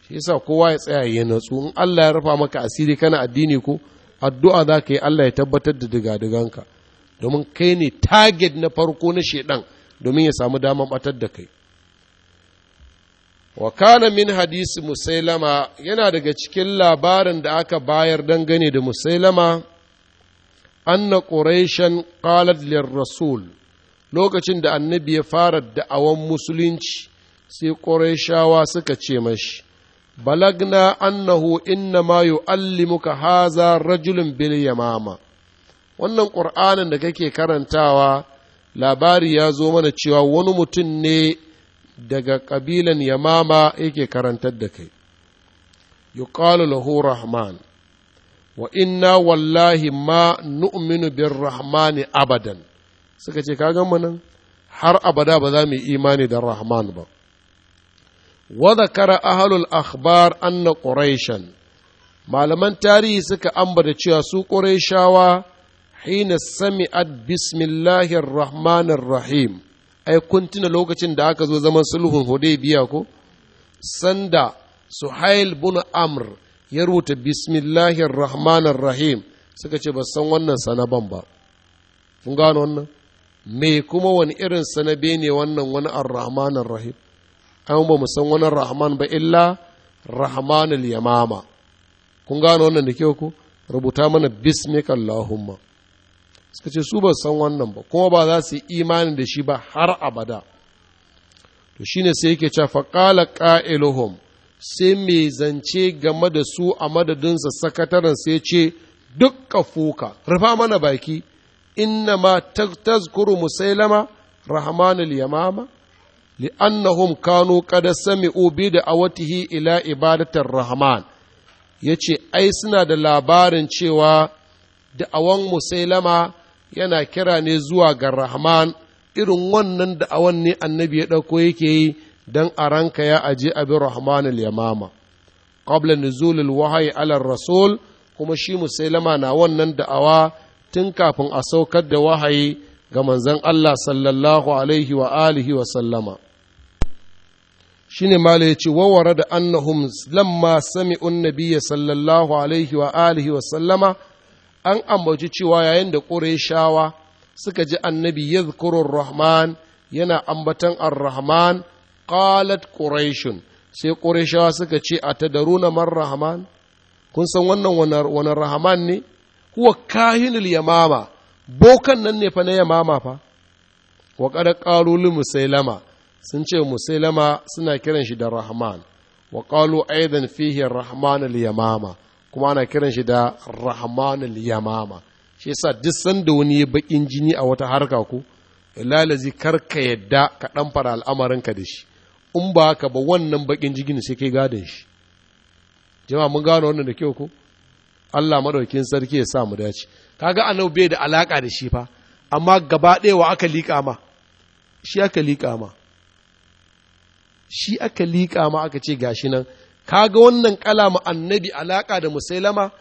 yasa kowa ya tsaya ya natsu in Allah ya rufa maka asiri kana addini ko addu'a za ka yi Allah ya tabbatar da digadiganka domin kai ne target na farko na shedan domin ya samu damar batar da kai wa kana min hadisi musailama yana daga cikin labarin da aka bayar dangane da musailama anna quraishan qalat lir rasul lokacin da annabi ya fara da'awan musulunci sai quraishawa suka ce mashi بلغنا annahu inna ma هذا haza rajulun bil wannan qur'anin da kake karantawa labari ya zo mana cewa wani mutum ne daga kabilan yamama yake karantar da kai yuqalu lahu rahman wa inna wallahi ma nu'minu bir rahmani abadan suka ce ka mu nan har abada ba za mu imani da rahman ba وذكر أهل الأخبار أن قريشا malaman tarihi suka ambata cewa su ƙurayshawa hina sami'at bismillahir rahmanir rahim ai kun tuna lokacin da aka zo zaman sulhun hudaybiya ko sanda suhail bin amr ya rubuta bismillahir rahmanir rahim suka ce ba san wannan sanaban ba kun gano wannan me kuma wani irin sanabe ne wannan wani ar-rahmanir rahim an ba mu san wani rahman ba illa rahmanul yamama kun gano wannan da ke ku rubuta mana bismika allahumma suka ce su ba san wannan ba kuma ba za su yi imani da shi ba har abada to shine sai yake cewa faqala qailuhum sai me zance game da su a madadinsa sakataren sai ce dukka fuka rufa mana baki inna ma tazkuru musailama rahmanul yamama li'annahum kanu qad sami'u bi da'awatihi ila ibadatar rahman yace ai suna da labarin cewa da'awan musailama yana kira ne zuwa ga rahman irin wannan da'awan ne annabi ya ɗauko yake yi don a ranka ya aje abin rahman al-yamama qabla nuzul al-wahyi ala rasul kuma shi musailama na wannan da'awa tun kafin a saukar da wahayi ga manzon Allah sallallahu alaihi wa wa sallama shine mala ya ce wawara da annahum lamma sami'un nabiyya sallallahu alaihi wa alihi wa sallama an ambaci cewa yayin da shawa suka ji annabi yadhkurur rahman yana ambatan ar-rahman qalat quraishun sai quraishawa suka ce atadaruna man rahman kun san wannan wani rahman ne huwa kahinul yamama bokan nan ne fa na yamama fa wa qad qalu li musailama sun ce musailama suna kiran shi da rahman wa qalu aidan fihi rahman al-yamama kuma ana kiran shi da rahman al-yamama shi yasa duk sanda wani ya bakin jini a wata harka ko lalazi kar ka yadda ka dan fara al'amarin ka da shi in ba ka ba wannan bakin jini sai kai gadon shi jama'a mun gano wannan da kyau ko Allah madaukin sarki ya sa mu dace kaga anau bai da alaka da shi fa amma gaba ɗaya wa aka liƙa ma shi aka liƙa ma shi aka liƙa ma aka ce gashi nan kaga wannan kalama annabi alaƙa da musailama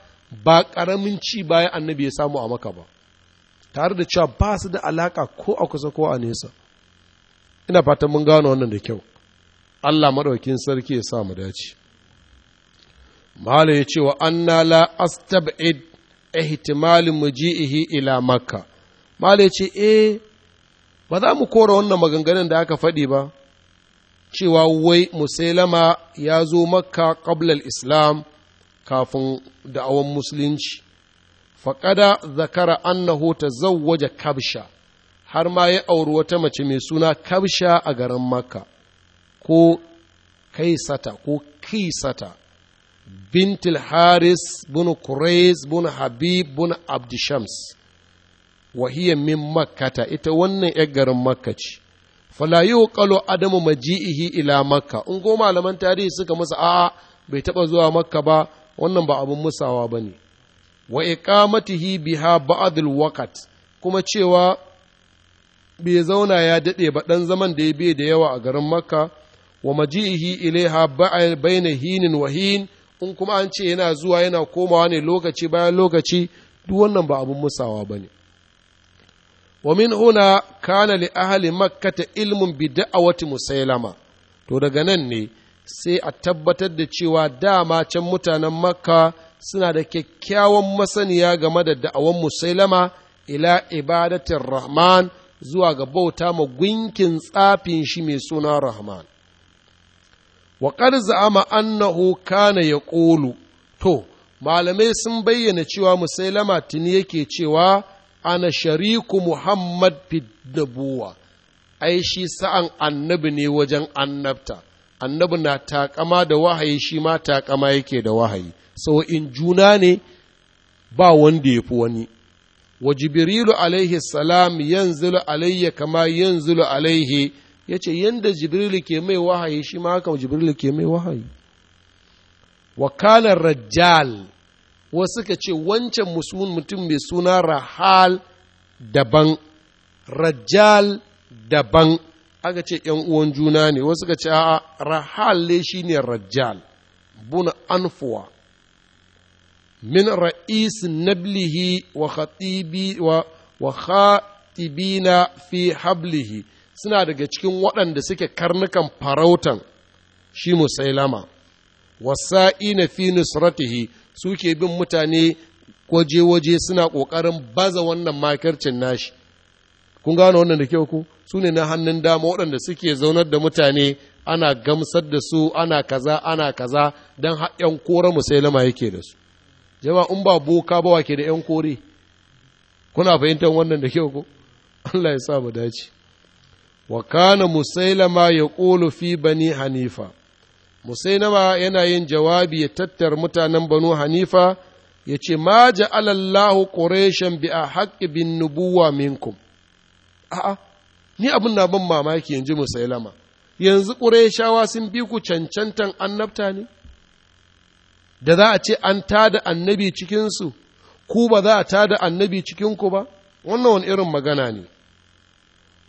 ba ƙaramin ci bayan annabi ya samu a maka ba tare da cewa ba su da alaƙa ko a kusa ko a nesa ina fatan mun gano wannan da kyau Allah maɗaukin sarki ya sa mu dace Mahala ya ce wa anna la astab'id ihtimalin muji'ihi ila makka Mahala ya ce eh ba za mu kora wannan maganganun da aka faɗi ba cewa wai musailama ya zo makka ƙablal islam kafin da'awan musulunci faƙada zakara annahu waje kabsha har ma ya auri wata mace mai suna kabsha a garin makka ko kaisata ko kisata bintil haris bin kurais bin habib bin abdishams wahiyar min makkata ita wannan 'yar garin makka ce fala kalo adamu maji'ihi ila makka in ko malaman tarihi suka masa a'a bai taba zuwa makka ba wannan ba abun musawa ba ne. wa iqamatihi biha ba'dil waqt kuma cewa bai zauna ya dade ba dan zaman da ya bi da yawa a garin makka wa maji'ihi ilaiha baina hinin wa hin in kuma an ce yana zuwa yana komawa ne lokaci bayan lokaci duk wannan ba abun musawa ba ne. wa min huna kana li ahli makkata ilmun bi da'awati musailama to daga nan ne sai a tabbatar da cewa dama can mutanen makka suna da kyakkyawan masaniya game da da'awan musailama ila ibadatin rahman zuwa ga bauta ma gunkin tsafin shi mai suna rahman wa ama annahu kana ya ƙolu to malamai sun bayyana cewa musailama tuni yake cewa ana shariku muhammad fi nabuwa ai shi sa'an annabi ne wajen annabta annabi na takama da wahayi shi ma takama yake da wahayi sau in juna ne ba wanda ya fi wani wa jibrilu alaihi salam yanzilu alayya kama yanzilu alaihi ce yanda jibrilu ke mai wahayi shi ma haka jibrilu ke mai wahayi wa kana rajjal wasu kace ce wancan mutum mai suna rahal daban rajal daban aka ce ‘yan uwan juna ne wasu ka ce a ne shi ne rajal buna anfuwa min ra'is nablihi wa khatibi wa fi hablihi suna daga cikin waɗanda suke karnukan farautan shi musailama na fi nusratihi suke bin mutane waje-waje suna ƙoƙarin baza wannan makarcin nashi kun gano wannan da kyau ku su ne na hannun dama waɗanda suke zaunar da mutane ana gamsar da su ana kaza ana kaza don haɗin kore musailama yake da su jama in ba boka ba ke da yan kore kuna fahimtar wannan da kyau ku [LAUGHS] Allah ya sa mu dace wa kana musailama ya ƙolo fi bani hanifa musainama yana yin jawabi ya tattar mutanen banu hanifa ya ce ma ja'alallahu quraishan bi a haƙƙi bin nubuwa minkum a'a ni abin na ban mamaki yanzu musailama yanzu qurayshawa sun bi ku cancantan annabta ne da za a ce an tada annabi cikinsu ku ba za a tada annabi cikinku ba wannan wani irin magana ne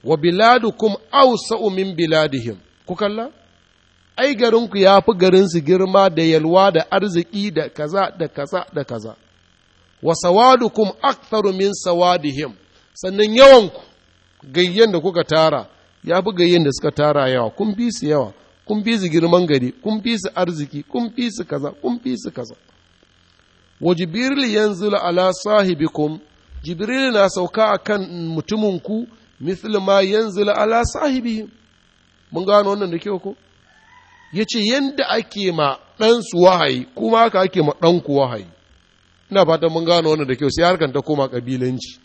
wa biladukum au min biladihim ku kalla ai garinku ya fi garinsu girma da yalwa da arziki da kaza da kaza da kaza wa sawadukum aktharu min sawadihim sannan yawanku gayyen da kuka tara ya fi gayyen da suka tara yawa kun fi su yawa kun fi su girman gari kun fi su arziki kun fi su kaza kun fi su kaza wa jibril yanzu ala sahibikum jibril na sauka akan kan ku Mislima yanzu ala sahibihim mun gano wannan da kyau ko ya ce yadda ake ma ɗansu wahayi kuma haka ake ma ɗanku wahayi ina fatan mun gano wannan da kyau sai harkar ta koma ƙabilanci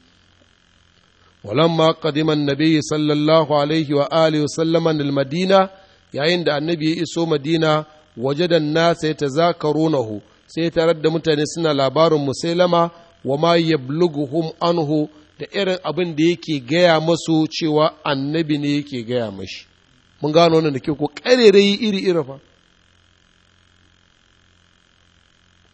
ولما Sallallahu alaihi صلى الله wa وآله وسلم المدينة yayin da annabi ya iso madina wajadan nasa ya tazakarunahu sai tarar da mutane suna labarin musailama wa ma yablughuhum anhu da irin abin da yake gaya masu cewa annabi ne yake gaya mashi mun gano wannan da ke ko yi iri iri fa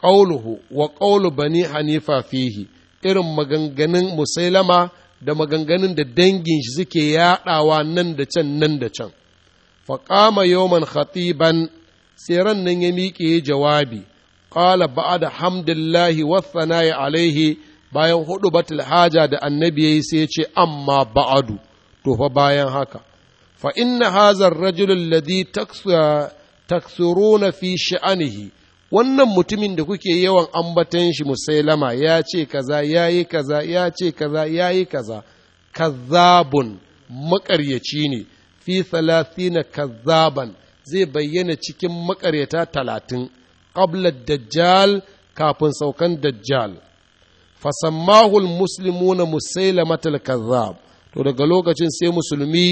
qauluhu wa qaulu bani hanifa fihi irin maganganun musailama da maganganun da dangin shi suke yaɗawa nan da can nan da can qama yawman khatiban sai ran nan ya miƙe jawabi ƙala ba'ada hamdillahi wa ya alaihi bayan hudu batul haja da annabi yayi sai ya ce amma ba'adu to fa bayan haka fa inna hazar rajulun تكسرون في fi wannan mutumin da kuke yawan ambaton shi musailama ya ce kaza ya yi kaza ya ce kaza ya yi kaza kazzabun makaryaci ne fi thalathina kazzaban zai bayyana cikin makaryata talatin qabla dajjal kafin saukan dajjal fasammahul muslimuna musailama kazzab to daga lokacin sai musulmi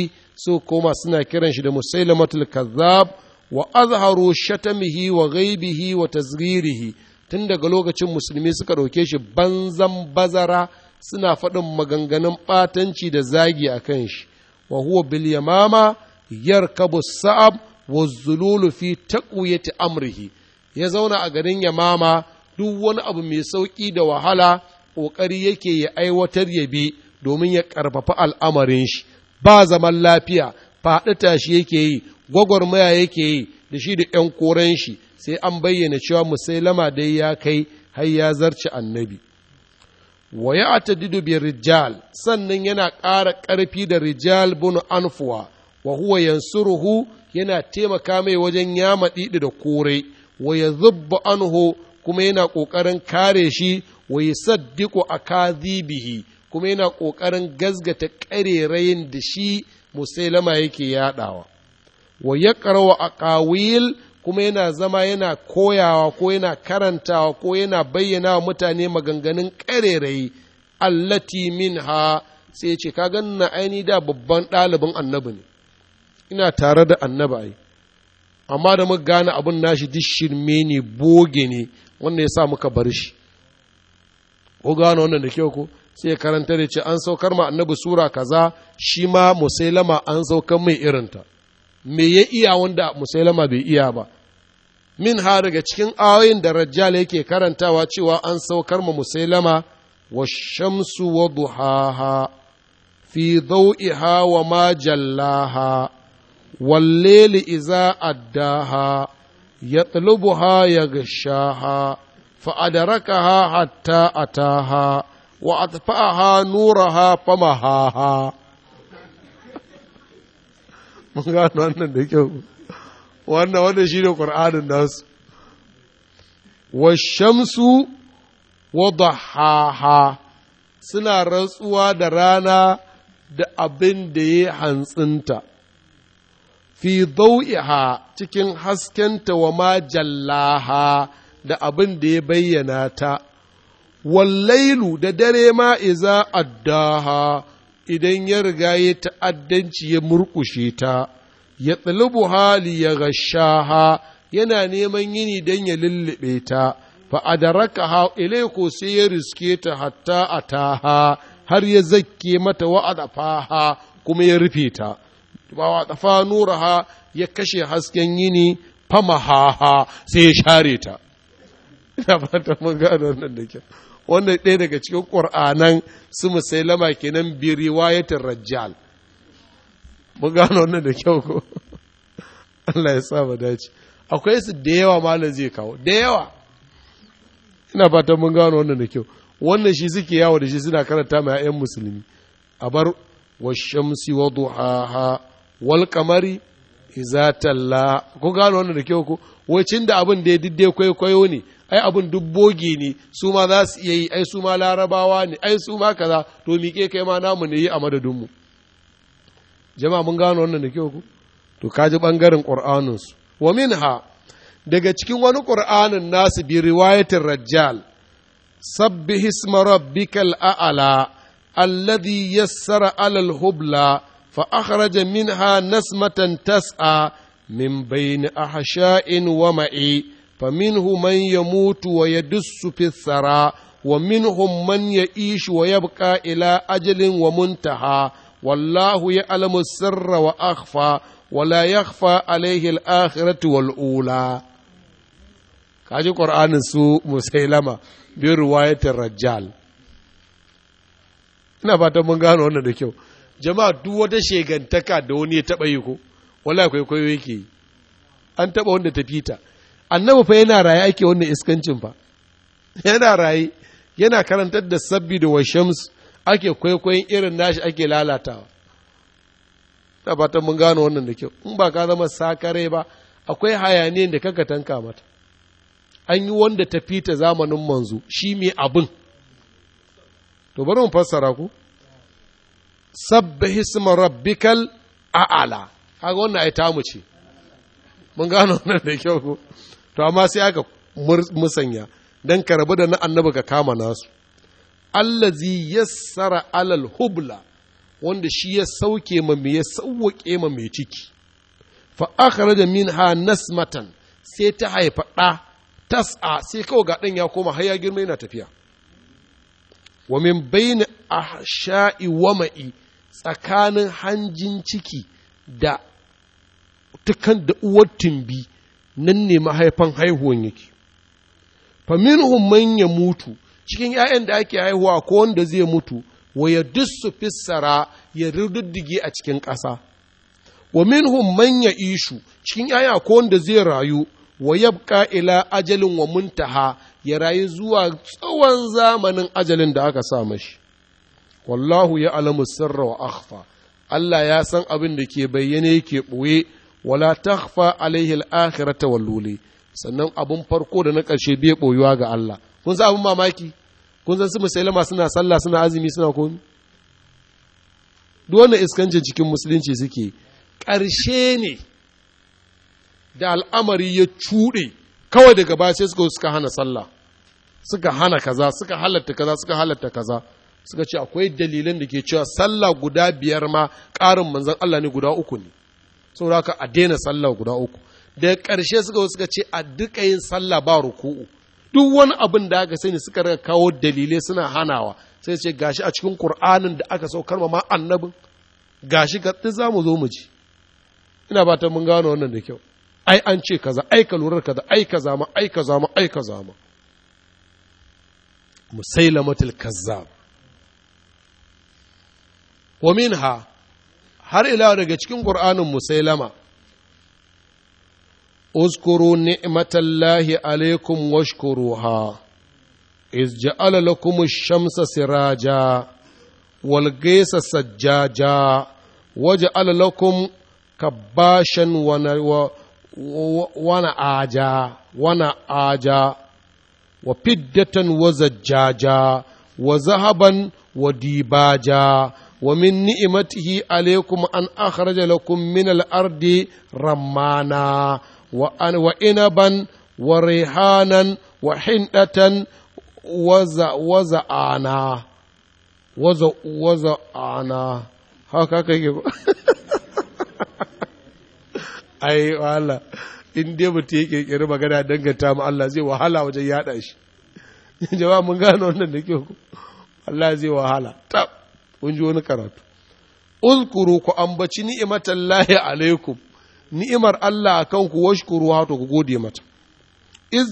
su koma suna kiran shi da musailamatul kazzab wa azharu shatamihi wa ghaibihi wa tazghirihi tun daga lokacin musulmi suka ɗauke shi banzan bazara suna faɗin maganganun ɓatanci da zagi a kan shi wa huwa bil yamama yarkabu sa'ab wa zululu fi taqwiyati amrihi ya zauna a garin yamama duk wani abu mai sauƙi da wahala ƙoƙari yake ya aiwatar ya bi domin ya ƙarfafa al'amarin shi ba zaman lafiya faɗi tashi yake yi gwagwarmaya yake yi da shi da ‘yan koren shi sai an bayyana cewa musailama dai ya kai har ya zarci annabi wa ya ata bi rijal sannan yana ƙara ƙarfi da rijal bunu anfuwa wa huwa yansuruhu yana taimaka mai wajen yama ɗiɗi da kore wa ya zubba anhu kuma yana ƙoƙarin kare shi wa ya saddiko a kazibihi kuma yana ƙoƙarin gazgata ƙarerayin da shi musailama yake yaɗawa wa ya ƙarawa a ƙawil kuma yana zama yana koyawa ko yana karantawa ko yana bayyana wa mutane maganganun ƙarerayi allati minha sai ce ka ganna aini da babban ɗalibin annabi ne ina tare da annabi amma da muka gane abin nashi duk shirme ne boge ne wanda ya sa muka bar shi ko gane wannan da kyau ko sai karanta da ce an saukar ma annabi sura kaza shi ma musailama an saukar mai irinta me ya iya wanda musailama bai iya ba min ha daga cikin ayoyin da rajjal yake karantawa cewa an saukar ma musailama wa shamsu wa duhaha fi dhau'iha wa ma jallaha wal layli iza addaha yatlubuha yaghshaha fa adrakaha hatta ataha wa atfa'aha nuraha famahaha mun gano wannan da kyau wannan wannan shine qur'anin nasu wa shamsu wa dhahaha suna rantsuwa da rana da abin da ya hantsinta fi dau'iha cikin haskenta wa ma jallaha da abin da ya bayyana ta wallailu da dare ma iza addaha idan ya riga ya ta'addanci ya murƙushe ta ya tsalibu hali ya gashaha yana neman yini don ya lullube ta fa a adaraka ha ko sai ya riske ta hatta a taha har ya zakke mata wa'adafaha kuma ya rufe ta wa'adafa nuraha ya kashe hasken yini fama ha sai ya share ta ina fata mun gane wannan da kyau wannan ɗaya daga cikin ƙur'anan su musailama kenan bi riwayatin rajjal mun gano wannan da kyau ko [LAUGHS] Allah ya sa mu dace akwai su da yawa malam zai kawo da yawa ina fatan mun gano wannan da kyau wannan shi suke yawo da shi suna karanta ma 'ya'yan musulmi a bar shamsi wa duhaha wal kamari iza talla ko gano wannan da kyau ko wacin da abin da ya didde kwaikwayo ne ai abin dubbogi ne su ma za su iya yi ai su ma larabawa ne ai su ma kaza to miƙe kai ma namu ne yi a madadinmu jama'a mun gano wannan da kyau ku to kaji ɓangaren ƙur'aninsu wa minha daga cikin wani ƙur'anin nasu bi riwayatin rajjal sabbi hisma rabbikal a'ala alladhi yassara alal hubla fa akhraja minha nasmatan tas'a min bayni ahsha'in wa ma'i faminhu man yamutu wa yadussu fi thara wa minhum man ya'ishu wa yabqa ila ajalin wa muntaha wallahu ya'lamu sirra wa akhfa wa la yakhfa alayhi al-akhiratu wal ula kaji qur'anin su musailama bi riwayatir rajjal ina fatan mun gano wannan da kyau jama'a duk wata shegantaka da wani ya taɓa yi ko wallahi kwaikwayo yake yi an taɓa wanda ta fita annabi fa yana raye ake wannan iskancin fa yana raye yana karantar da sabbi da washams ake kwaikwayon irin nashi ake lalatawa ta fatan mun gano wannan da kyau in ba ka zama sakare ba akwai hayaniyar da kaka tanka mata an yi wanda ta fita zamanin manzo shi mai abin to bari mu fassara ku sabbi hisma rabbikal a'ala kaga wannan ai tamu ce mun gano wannan da kyau ko to amma sai aka musanya dan karabu da na annabi ka kama nasu allazi yassara alal hubla wanda shi ya sauke ma me ya sauke ma mai ciki fa akhraja minha nasmatan sai ta haifa ɗa tas'a sai kawai ga ɗan ya koma har ya girma yana tafiya wa min bayni ahsha'i wama'i tsakanin hanjin ciki da tukan da uwar tumbi nan ne mahaifan haihuwan yake fa minhum ya mutu cikin 'ya'yan da ake haihuwa ko wanda zai mutu wa ya dussu fissara ya rududdige a cikin ƙasa wa minhum manya ya ishu cikin 'ya'ya ko wanda zai rayu wa yabqa ila ajalin wa muntaha ya rayu zuwa tsawon zamanin ajalin da aka sa mashi wallahu ya alamu sirra wa akhfa Allah ya san abin da ke bayyane yake ɓoye wala takhfa alaihi al-akhirata wallule. sannan abun farko da na ƙarshe bai ɓoyuwa ga Allah kun san abin mamaki kun san su musulma suna sallah suna azumi suna komi duk wannan iskancin cikin musulunci suke ƙarshe ne da al'amari ya cuɗe kawai daga baya sai suka suka hana sallah suka hana kaza suka halatta kaza suka halatta kaza suka ce akwai dalilan da ke cewa sallah guda biyar ma ƙarin manzan Allah ne guda uku ne Sau da a daina sallah guda uku da ƙarshe suka suka ce a duka yin sallah ba ruku'u duk wani abin da aka sani suka rika kawo dalilai suna hanawa sai ce gashi a cikin Kur'anin da aka saukar ma annabin gashi ga za mu zo mu ji ina ba ta mun gano wannan da kyau ai an ce kaza ai ka lura kaza ai ka ma ai kaza ma ai kaza ma musailamatul kazzab wa minha har ila daga cikin ƙur'anin musailama uskuru ni'matallahi alaikum washkuruha iz ja'ala lakum ash-shamsa siraja wal ghaysa sajjaja waja'ala lakum kabashan wa wana aja wana aja wa fiddatan wa zajjaja wa zahaban wa dibaja wa min عليكم alaikum an لكم من الأرض رمانا وأن rammana wa an wa وزعانا wa wa hindatan والله [LAUGHS] in dai mutum ya kirkiri magana danganta mu Allah zai wahala wajen yaɗa shi [LAUGHS] jama'a gano wannan da Allah zai wahala tab kun ji wani karatu uzkuru ku ambaci ni'imatallahi alaikum ni'imar Allah akan ku washkuru to ku gode mata iz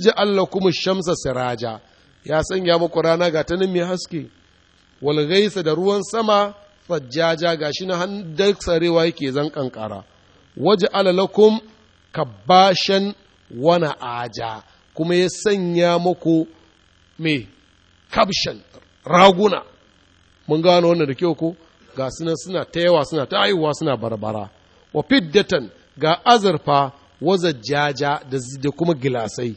kuma shamsa siraja ya sanya muku rana ga ta mai haske wal gaisa da ruwan sama fajjaja gashi na da sarewa yake zan kankara waje alalakum kabbashan wana aja kuma ya sanya muku mai kabshan raguna mun gano wannan da kyau ko ga suna suna ta yawa suna ta haihuwa suna barbara wa fiddatan ga azurfa waza jaja da kuma gilasai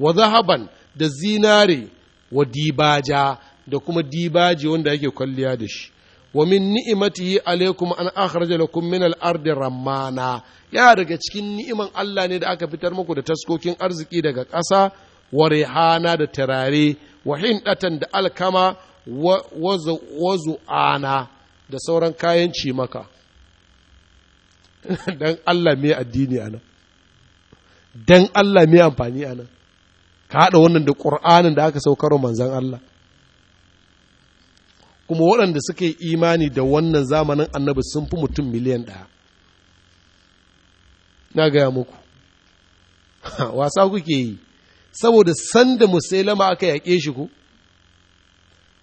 wa zahaban da zinare wa dibaja da kuma dibaji wanda yake kwalliya da shi wa min ni'imatihi alaikum an akhraja lakum min al-ardi rammana ya daga cikin ni'iman Allah ne da aka fitar muku da taskokin arziki daga ƙasa wa rihana da tarare wa hindatan da alkama wazu'ana da sauran kayan maka [LAUGHS] don Allah mai addini a nan don Allah mai amfani a ka haɗa wannan da ƙur'anin da aka saukar manzan Allah kuma waɗanda suka yi imani da wannan zamanin annabi sun fi mutum miliyan ɗaya na gaya muku [LAUGHS] wasa kuke yi saboda sanda musailama aka yaƙe shi ku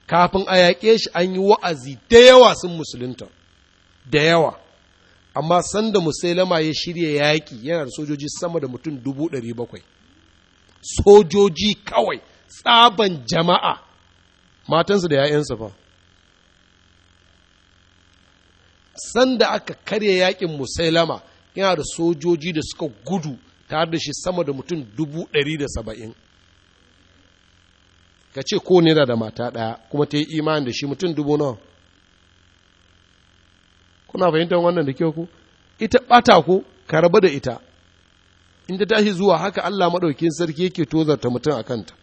kafin a yaƙe shi an yi wa'azi da yawa sun musulunta da yawa amma sanda musailama ya shirya yaƙi yana da sojoji sama da mutum dubu ɗari bakwai sojoji kawai tsaban jama'a matansu da ‘ya'yansu fa sanda aka karya yaƙin musailama yana da sojoji da suka gudu tare da shi sama da mutum dubu ɗari da saba'in ka ce ko nera da mata ɗaya kuma ta yi imani da shi mutum dubu nawa kuna fahimtar wannan da kyau ku ita ɓata ku ka rabu da ita in ta tashi zuwa haka Allah maɗaukin sarki yake tozarta mutum a kanta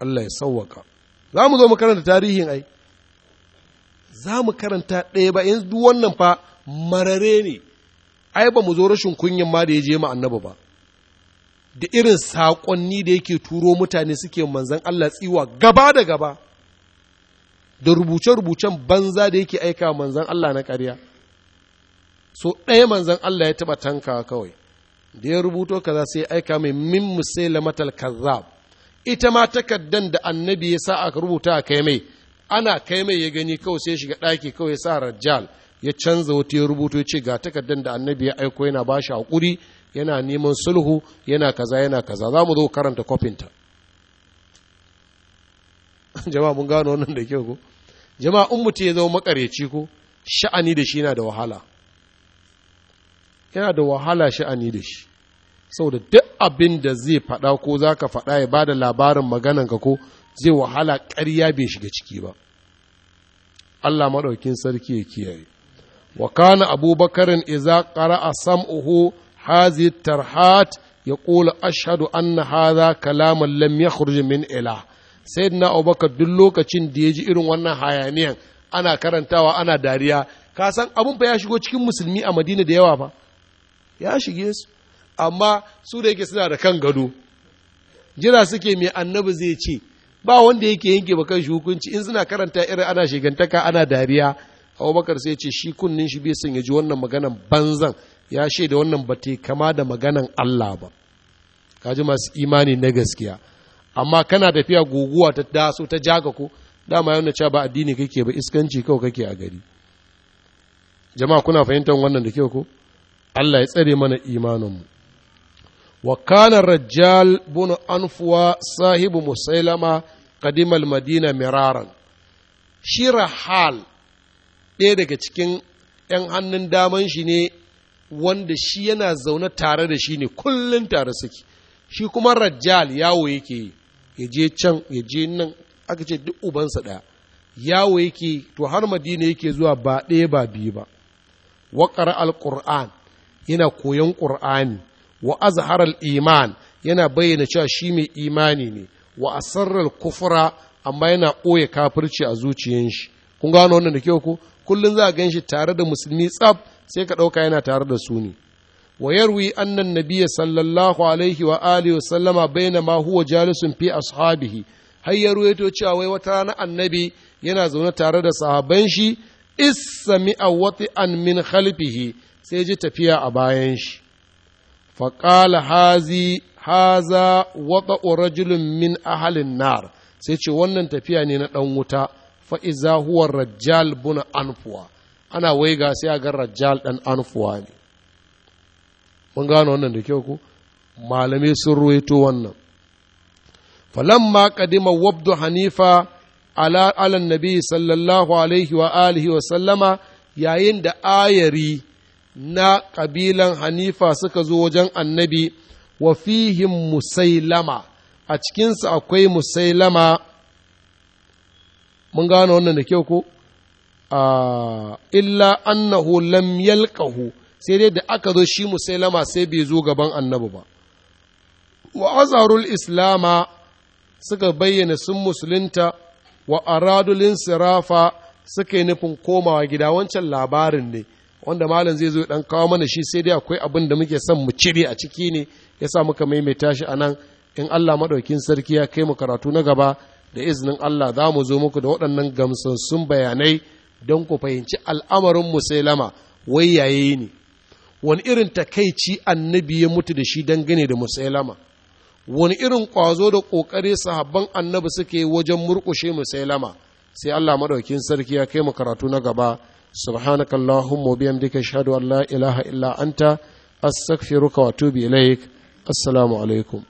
Allah ya sauwaka za mu zo mu karanta tarihin ai za mu karanta ɗaya ba yanzu duk wannan fa marare ne ai ba mu zo rashin kunyan ma da ya je ma annabi ba da irin saƙonni da yake turo mutane suke manzan Allah tsiwa gaba da gaba da rubuce-rubucen banza da yake aika manzan Allah na ƙarya so ɗaya manzan Allah ya taɓa tanka kawai da ya rubuto kaza sai aika mai min musailamatal kazzab ita ma takaddan da annabi ya sa aka rubuta a kai mai ana kai mai ya gani kawai sai shiga ɗaki kawai sa rajal ya canza wata ya rubuto ya ce ga takaddan da annabi ya aiko yana ba shi haƙuri yana neman sulhu yana kaza yana kaza za mu zo karanta kofinta [LAUGHS] jama'a mun gano wannan da kyau ko jama'a in mutum ya zama makareci ko sha'ani da shi yana da wahala yana da wahala sha'ani da shi saboda duk abin da zai faɗa ko za ka faɗa ya ba da labarin maganan ka ko zai wahala karya bai shiga ciki ba Allah maɗaukin sarki ya kiyaye wa kana abubakarin iza ƙara'a sam'uhu Hazitar Hat ya ƙula ashadu anna haza kalaman lam yakhruj min ila sayyidina abubakar duk lokacin da ya ji irin wannan hayaniyan ana karantawa ana dariya ka san abin ya shigo cikin musulmi a madina da yawa fa ya shige amma su da yake suna da kan gado jira suke mai annabi zai ce ba wanda yake yanke ba shi hukunci in suna karanta irin ana shigantaka ana dariya abubakar sai ce shi kunnin shi bai san ya ji wannan maganan banzan ya da wannan ba ta kama da maganan Allah ba kaji masu imani na gaskiya amma kana tafiya guguwa ta daso ta jaga ko dama yana cewa ba addini kake ba iskanci kawai kake a gari jama'a kuna fahimtar wannan da kyau ko Allah ya tsare mana imaninmu wa kana rajjal bunu anfuwa sahibu musailama qadimal madina miraran shi rahal ɗaya daga cikin ‘yan hannun daman shi ne wanda shi yana zaune tare da shi ne kullum tare suke shi kuma rajjal yawo yake ya je can ya je nan aka ce duk ubansa ɗaya yawo yake to har madina yake zuwa ba ɗaya ba biyu ba waƙar alƙur'an yana koyon ƙur'ani wa azhar iman yana bayyana cewa shi mai imani ne wa asarar kufura amma yana ɓoye kafirci a zuciyan kun gano wannan da kyau ko kullun za a gan shi tare da musulmi tsaf sai ka ɗauka yana tare da su ne wa yarwi annan nabiyya sallallahu alaihi wa alihi wa sallama baina ma huwa jalisun fi ashabihi har ya ruwaito cewa wai wata rana annabi yana zaune tare da sahaban shi issami awati an min khalfihi sai ji tafiya a bayan shi faqala hazi haza wata rajulun min ahalin nar sai ce wannan tafiya ne na ɗan wuta fa huwa rajjal buna anfuwa ana wai ga sai a ga rajjal dan anfuwa ne mun gano wannan da kyau ko malamai sun ruwaito wannan falamma kadima wabdu hanifa ala alan nabi sallallahu alaihi wa alihi wa sallama yayin da ayari na kabilan hanifa suka zo wajen annabi wa fihim musailama a cikinsa akwai musailama mun gane wannan da kyau ko illa annahu lam yalqahu sai dai da aka zo shi musailama sai bai zo gaban annabi ba wa azharul islama suka bayyana sun musulunta wa sirafa suka yi nufin komawa gida wancan labarin ne wanda malam zai zo dan kawo mana shi sai dai akwai abin da muke son mu cire a ciki ne ya yasa muka maimaita shi anan in Allah maɗaukin sarki ya kai mu karatu na gaba da izinin Allah za mu zo muku da waɗannan gamsassun bayanai don ku fahimci al'amarin musailama wai yayi ne wani irin takaici annabi ya mutu da shi dangane da musailama wani irin ƙwazo da ƙoƙari sahabban annabi suke wajen murƙushe musailama sai Allah maɗaukin sarki ya kai mu karatu na gaba سبحانك اللهم وبحمدك اشهد ان لا اله الا انت wa